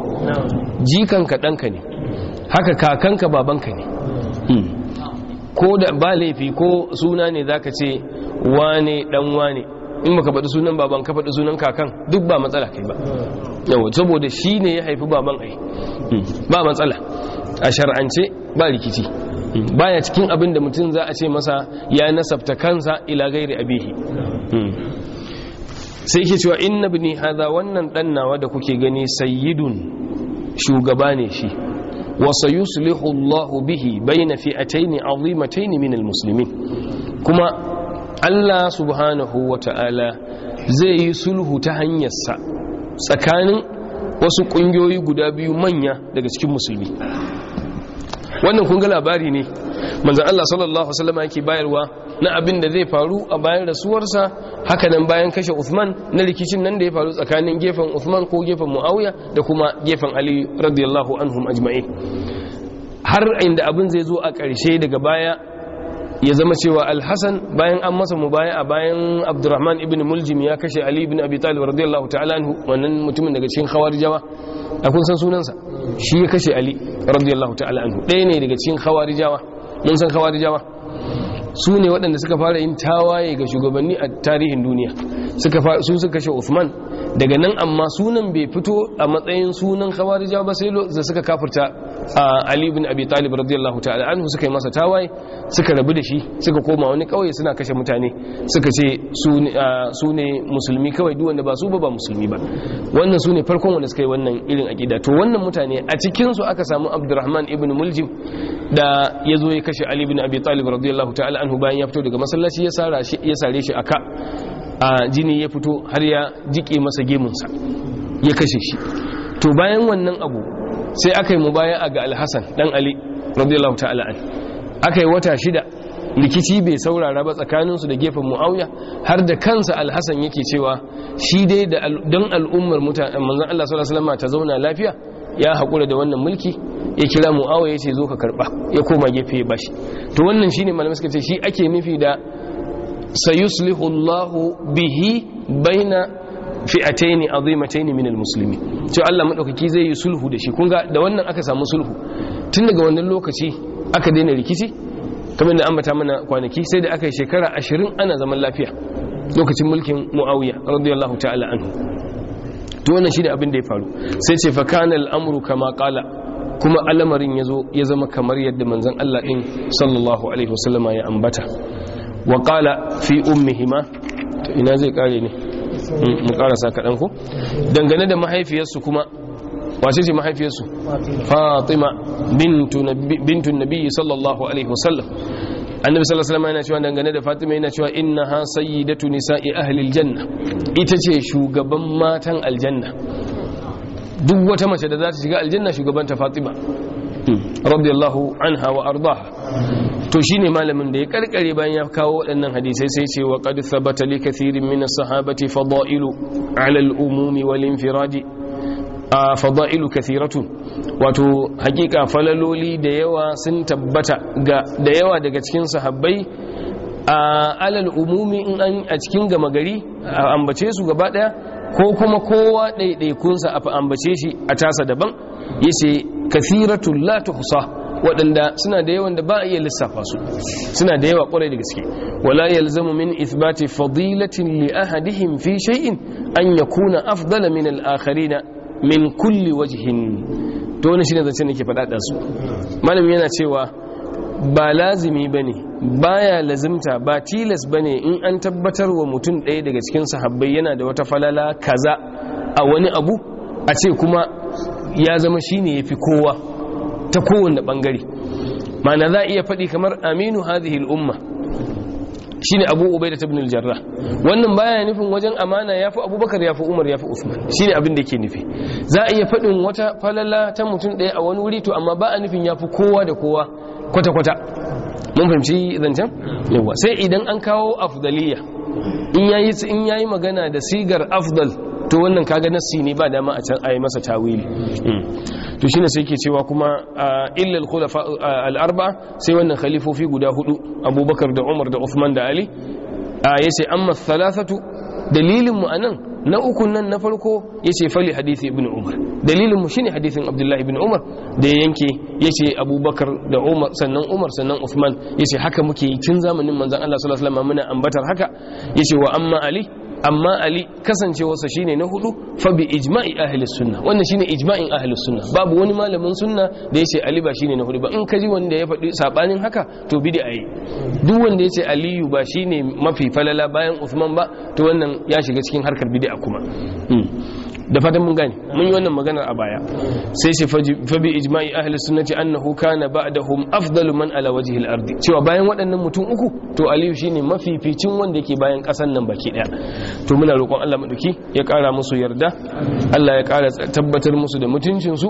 S1: jikan ka danka ne haka kakanka babanka ne hmm. ko da ba laifi ko suna ne ka ce wane dan wane in baka faɗi sunan baban ka faɗi sunan kakan duk ba matsala kai ba yau saboda shi ne ya haifi baban ai hmm. ba matsala a shar'ance ba rikici hmm. baya cikin abin da mutum za a ce masa ya nasabta kansa ila gairi abihi sai ke cewa na bini haza wannan dan nawa da kuke gani sayidun shugaba ne shi وسيصلح الله به بين فئتين عظيمتين من المسلمين كما الله سبحانه وتعالى zai yi sulhu ta hanyarsa tsakanin wasu ƙungiyoyi guda biyu manya daga cikin musulmi wannan kun ga labari ne manzan Allah sallallahu Alaihi wasallama yake bayarwa na abin da zai faru a bayan rasuwarsa haka nan bayan kashe Uthman na rikicin nan da ya faru tsakanin gefen Uthman ko gefen Muawiya da kuma gefen Ali radiyallahu anhum ajma'in har inda abin zai zo a ƙarshe daga baya ya zama cewa alhassan bayan an masa mu baya a bayan abdurrahman ibn muljim ya kashe ali ibn abi talib radiyallahu ta'ala anhu wannan mutumin daga cikin khawarijawa a kun san sunansa shi ya kashe ali radiyallahu ta'ala anhu ɗaya ne daga cikin khawarijawa mun san kawari jawa. su ne waɗanda suka fara yin tawaye ga shugabanni a tarihin duniya su suka kashe Uthman daga nan amma sunan bai fito a matsayin sunan khawarija ba sai da suka kafirta Ali bin Abi Talib radiyallahu ta'ala anhu suka yi masa tawaye suka rabu da shi suka koma wani kauye suna kashe mutane suka ce su ne musulmi kawai duk wanda ba su ba ba musulmi ba wannan su ne farkon wanda suka yi wannan irin akida to wannan mutane a cikin su aka samu Abdurrahman ibn Muljim da ya zo ya kashe Ali bin Abi Talib radiyallahu ta'ala anhu bayan ya fito daga masallaci ya sare shi ya sare aka a jini ya fito har ya jike masa gemunsa ya kashe shi to bayan wannan abu sai aka yi a ga al-Hasan dan Ali radiyallahu ta'ala an aka yi wata shida rikici bai saurara ba tsakaninsu da gefen mu'auya har da kansa alhassan yake cewa shi dai don al'ummar mutane manzan Allah sallallahu alaihi wasallam ta zauna lafiya ya haƙura da wannan mulki ya kira mu'awa ya ce zo ka karɓa ya koma gefe ya bashi to wannan shi ne malamai suka ce shi ake nufi da sayuslihu Allahu bihi baina fi'ataini azimataini minal musulmi to Allah madaukaki zai yi sulhu da shi kun da wannan aka samu sulhu tun daga wannan lokaci aka daina rikici kamar da ambata mana kwanaki sai da aka yi shekara ashirin ana zaman lafiya lokacin mulkin mu'awiya radiyallahu ta'ala anhu to wannan shine abin da ya faru sai ce fa kana al'amru kama qala kuma al'amarin yazo ya zama kamar yadda manzon Allah din sallallahu alaihi wasallama ya ambata wa qala fi ummihima to ina zai kare ne mm, mu karasa kaɗan ko dangane da mahaifiyarsu kuma wace ce mahaifiyarsu fatima bintu nabiyyi sallallahu alaihi wasallam annabi sallallahu alaihi wasallam yana cewa dangane da fatima yana cewa innaha sayyidatu nisa'i ahli aljanna ita ce shugaban matan aljanna duk wata mace da za ta shiga aljanna shugabanta fatima hmm. radiyallahu anha wa ardaha to shine malamin da ya karkare bayan ya kawo waɗannan hadisai sai ce wa qad thabata li kathirin min as-sahabati fadailu 'ala al-umumi wal infiradi a fada'ilu kathiratu wato hakika falaloli da yawa sun tabbata ga da yawa daga cikin sahabbai a alal umumi in an a cikin gama gari a ambace su gaba daya ko kuma kowa ɗaiɗaikunsa a ambace shi a tasa daban yace kathiratu la tuhsa waɗanda suna da yawan da ba a iya lissafa su suna da yawa ƙwarai da gaske wala yalzamu min ithbati fadilatin li ahadihim fi shay'in an yakuna afdala min al-akharina min kulli wajihin to wani shine zance nake faɗa da su malami yana cewa ba lazimi bane baya lazimta ba tilas bane in an tabbatar wa mutum ɗaya daga cikin sahabbai yana da wata falala kaza a wani abu a ce kuma ya zama shine yafi kowa ta kowanne bangare ma'ana za a iya faɗi kamar aminu hadhihi al-umma shine abu ubaida ibn al-jarrah wannan baya nufin wajen amana yafi abubakar yafi umar yafi usman shine abin da yake nufi za a iya fadin wata falala ta mutum daya a wani wuri to amma ba a nufin yafi kowa da kowa kwata kwata mun fahimci zancen yawa sai idan an kawo afdaliya in yayi in yayi magana da sigar afdal to wannan kaga nassi ne ba dama a can ayi masa tawili hmm. to shine sai yake cewa kuma illa al-khulafa al-arba sai wannan khalifofi guda hudu Abubakar da Umar da Uthman da Ali yace amma thalathatu dalilin mu anan na ukun nan na farko ya ce fali hadisi ibn umar Dalilin mu shine hadisin abdullahi ibn umar da ya yanke ya ce abubakar da umar sannan umar sannan usman ya ce haka muke yi tun zamanin manzan allah sallallahu alaihi muna ambatar haka ya ce wa amma ali amma ali kasancewarsa shine na hudu fa bi ijma'i ahli sunna wannan shine ijma'in ahli sunna babu wani malamin sunna da yace ali ba shine na hudu ba in kaji wanda ya faɗi sabanin haka to bid'a yi duk wanda yace aliyu ba shine mafi falala bayan usman ba to wannan ya shiga cikin harkar bid'a kuma hmm. da fatan mun gane mun yi wannan magana a baya sai shi fabi ijma'i ahli sunnati annahu kana ba'dahum afdalu man ala wajhi al-ard cewa bayan waɗannan mutum uku to aliyu shine mafificin wanda yake bayan ƙasan nan baki daya to muna roƙon Allah maduki ya ƙara musu yarda Allah ya ƙara tabbatar musu da mutuncin su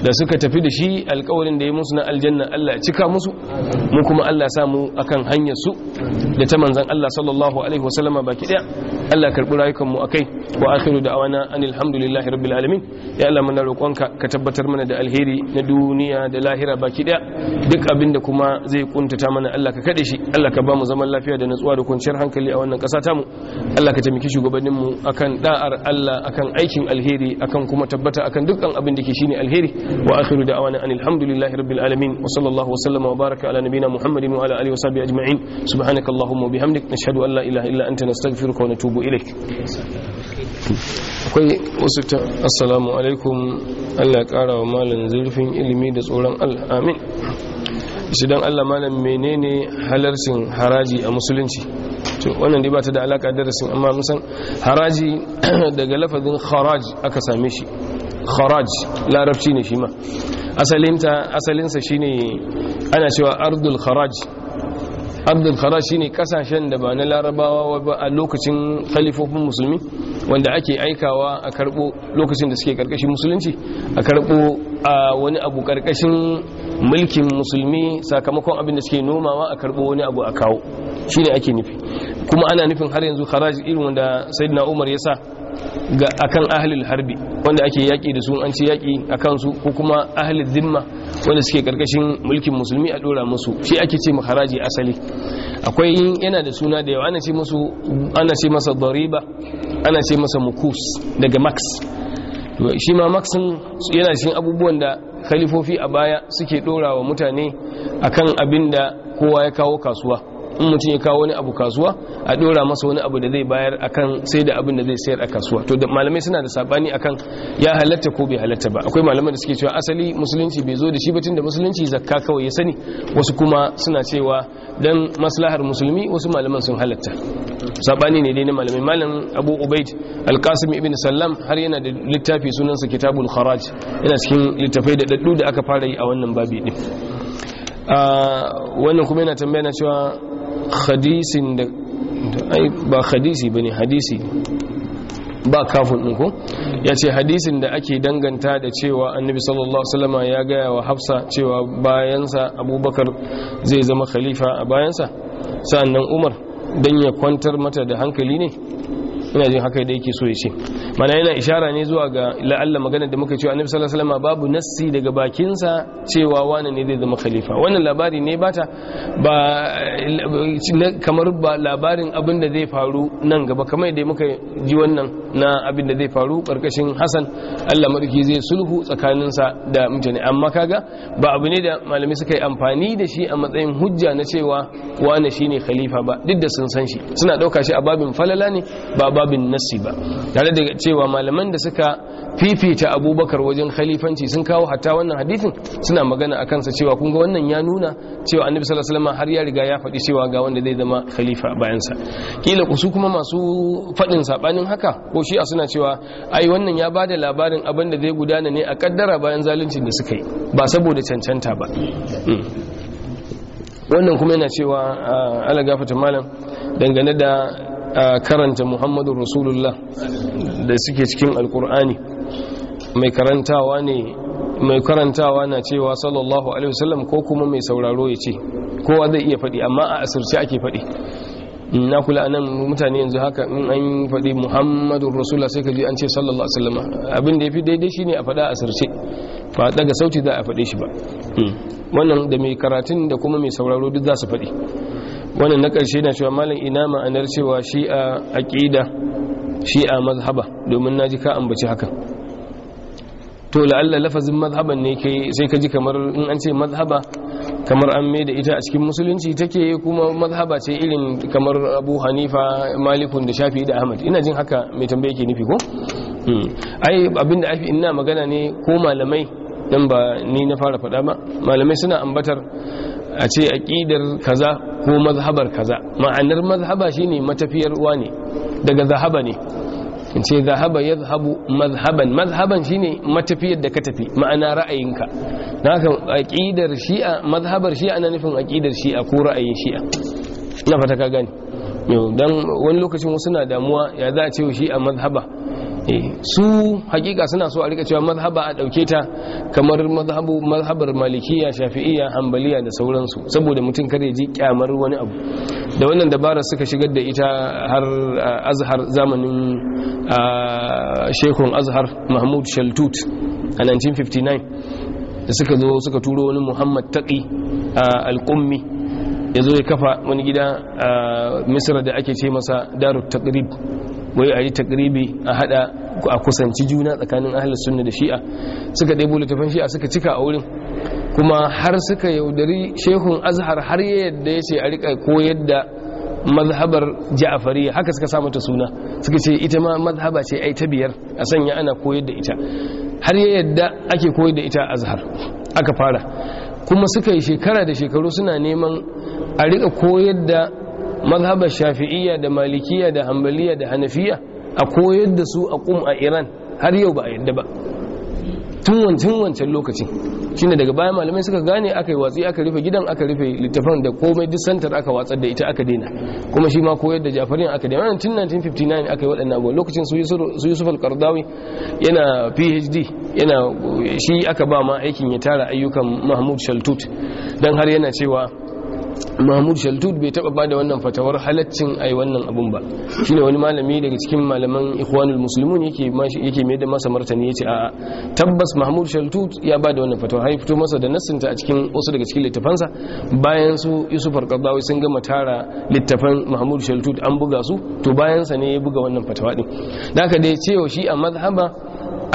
S1: da suka tafi da shi alƙawarin da ya musu na aljanna Allah ya cika musu mu kuma Allah ya samu akan hanyar su da ta manzon Allah sallallahu alaihi wasallama baki daya Allah karbi rayukan mu akai wa akhiru da'wana anil hamd alhamdulillah rabbil alamin ya Allah muna roƙonka ka tabbatar mana da alheri na duniya da lahira baki daya duk abinda da kuma zai kuntata mana Allah ka kade shi Allah ka bamu zaman lafiya da natsuwa da kwanciyar hankali a wannan ƙasa ta mu Allah ka taimaki shugabannin mu akan da'ar Allah akan aikin alheri akan kuma tabbata akan dukkan abin da ke shine alheri wa akhiru da'wana anil hamdulillahi rabbil alamin wa sallallahu wa sallama wa baraka ala nabina muhammadin wa ala alihi wa sahbihi ajma'in subhanakallahumma wa bihamdik nashhadu an la ilaha illa anta nastaghfiruka wa natubu ilaik akwai wasu ta assalamu alaikum allah kara wa malam zurfin ilimi da tsoron allah amin shi don allah malam menene halarcin haraji a musulunci to wannan dai ba ta da alaka darasin amma musan haraji daga lafazin kharaj aka same shi kharaj larabci ne shi ma asalinsa shine ana cewa ardul kharaj abdul khara ne kasashen da ba na larabawa ba a lokacin khalifofin musulmi wanda ake aikawa a karbo lokacin da suke karkashin musulunci a karbo a wani abu karkashin mulkin musulmi sakamakon abin da suke nomawa a karbo wani abu a kawo Shi ne ake nufi kuma ana nufin har yanzu haraji irin wanda sayyidina umar ya sa ga akan ahlul harbi wanda ake yaki da su an ci yaki akan su ko kuma ahlul zimma wanda suke karkashin mulkin musulmi a dora musu shi ake ce mu haraji asali akwai yana da suna da yawa ana ce musu ana ce masa dariba ana ce masa mukus daga max shi ma max yana cikin abubuwan da khalifofi a baya suke dora wa mutane akan abin da kowa ya kawo kasuwa in mutum ya kawo wani abu kasuwa a dora masa wani abu da zai bayar akan sai da abin da zai sayar a kasuwa to malamai suna da sabani akan ya halatta ko bai halatta ba akwai malamai da suke cewa asali musulunci bai zo da shi batun da musulunci zakka kawai ya sani wasu kuma suna cewa dan maslahar musulmi wasu malaman sun halatta sabani ne dai na malamai malam abu ubaid alkasim ibn salam har yana da littafi sunansa kitabul kharaj yana cikin littafai da daddu da aka fara yi a wannan babi din ah, wannan kuma yana tambaya na cewa hadisin da ba hadisi ba hadisi kafin ko ya ce hadisin da ake danganta da cewa annabi sallallahu ya gaya wa hafsa cewa bayansa abubakar zai zama khalifa a bayansa sa'annan umar dan ya kwantar mata da hankali ne ina jin haka da yake so ya ce mana yana ishara ne zuwa ga la'alla magana da muka cewa annabi sallallahu alaihi wasallam babu nassi daga bakin sa cewa wani ne zai zama khalifa wannan labari ne bata ba kamar ba labarin abin da zai faru nan gaba kamar da muka ji wannan na abin da zai faru karkashin Hassan Allah madaki zai sulhu sa da mutane amma kaga ba abu ne da malami suka yi amfani da shi a matsayin hujja na cewa wani shine khalifa ba duk da sun san shi suna ɗauka shi a babin falala ne ba babin nasi ba tare da cewa malaman da suka fifita abubakar wajen khalifanci sun kawo hatta wannan hadithin suna magana a kansa cewa kunga wannan ya nuna cewa annabi sallallahu alaihi har ya riga ya faɗi cewa ga wanda zai zama khalifa bayansa kila su kuma masu faɗin sabanin haka ko shi a suna cewa ai wannan ya bada labarin abin da zai gudana ne a kaddara bayan zaluncin da suka yi ba saboda cancanta ba hmm. wannan kuma yana cewa ah, ala gafata malam dangane da karanta muhammadu rasulullah da suke cikin alkur'ani mai karantawa ne mai karantawa na cewa sallallahu alaihi wasallam ko kuma mai sauraro ya ce kowa zai iya faɗi amma a asirce ake faɗi na kula nan mutane yanzu haka in an faɗi Muhammadu rasulullah sai ka ji an ce sallallahu alaihi wasallam abin da ya fi daidai shine a faɗa a asirce ba daga sauti za a faɗe shi ba hmm. wannan da mai karatun da kuma mai sauraro duk za su faɗi wannan na ƙarshe na cewa malam ina ma'anar cewa shi a aƙida shi a mazhaba domin na ji ka ambaci hakan to la'alla lafazin mazhaban ne kai sai ka ji kamar in an ce mazhaba kamar an mai da ita a cikin musulunci take kuma mazhaba ce irin kamar abu hanifa malikun da shafi da ahmad ina jin haka mai tambaye ke nufi ko hmm. ai abinda afi ina magana ne ko malamai Nan ba ni na fara faɗa ba malamai suna ambatar a ce kaza ko mazhabar kaza ma'anar mazhaba shine matafiyar uwa ne daga zahaba ne in ce zahaba ya zahabu mazhaban mazhaban shine matafiyar da ka tafi ma'ana ra'ayinka na haka aƙidar shi'a mazhabar shi'a na nufin aƙidar shi'a ko ra'ayin shi'a na fata ka gani yau don wani lokacin wasu na damuwa ya za a ce shi'a mazhaba Eh, su hakika suna so a rika cewa mazhaba a dauke ta kamar mazhabu mazhabar malikiya shafi'iyya hanbaliya da sauransu saboda mutum kare ji kyamar wani abu da wannan dabara suka shigar da ita har azhar zamanin shekun azhar mahmud shaltut a 1959 da suka zo suka turo wani muhammad taqi al-qummi ya zo ya kafa wani gida a misra da ake ce masa darut taqrib wai a yi takribi a hada a kusanci juna tsakanin ahalar sunna da shi'a suka ɗebo littafin shi'a suka cika a wurin kuma har suka yaudari shehun azhar har yadda ya ce a rika koyar da mazhabar ja'afari haka suka samu ta suna suka ce ita ma mazhaba ce ai ta biyar a sanya ana koyar da ita har yadda ake koyar da ita azhar aka fara kuma suka yi shekara da shekaru suna neman a rika koyar da mazhabar shafi'iyya da malikiya da hambaliya da hanafiya a koyar da su a kum a iran har yau ba a yadda ba tun wancan wancan lokaci shine daga baya malamai suka gane aka yi watsi aka rufe gidan aka rufe littafan da komai duk santar aka watsar da ita aka daina kuma shi ma koyar da jafarin aka daina wani tun 1959 aka yi waɗannan abuwa lokacin su yusuf al yana phd yana shi aka ba ma aikin ya tara ayyukan mahmud shaltut don har yana cewa mahmud shaltud bai taba bada wannan fatawar halaccin ai wannan abun ba shine wani malami daga cikin malaman ikhwanul muslimun yake yake mai da masa martani yace a tabbas mahmud shaltud ya bada wannan fatawa hai fito masa da nassinta a cikin wasu daga cikin littafansa bayan su yusuf al sun gama tara littafan mahmud shaltud an buga su to bayan sa ne ya buga wannan fatawa din da haka dai cewa shi a mazhaba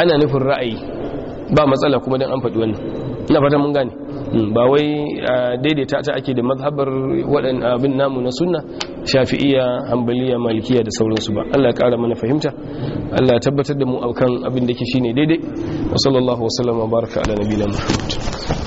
S1: ana nufin ra'ayi ba matsala kuma dan an faɗi wannan ina fata mun gane Mm, ba wai daidaita ta ake da mazhabar waɗanda abin namu na sunna shafi'iyya hambaliya malikiya da sauransu ba Allah ya ƙara mana fahimta Allah ya tabbatar da mu kan abin da ke shine daidai wa sallallahu wa baraka ala nabiyina muhammad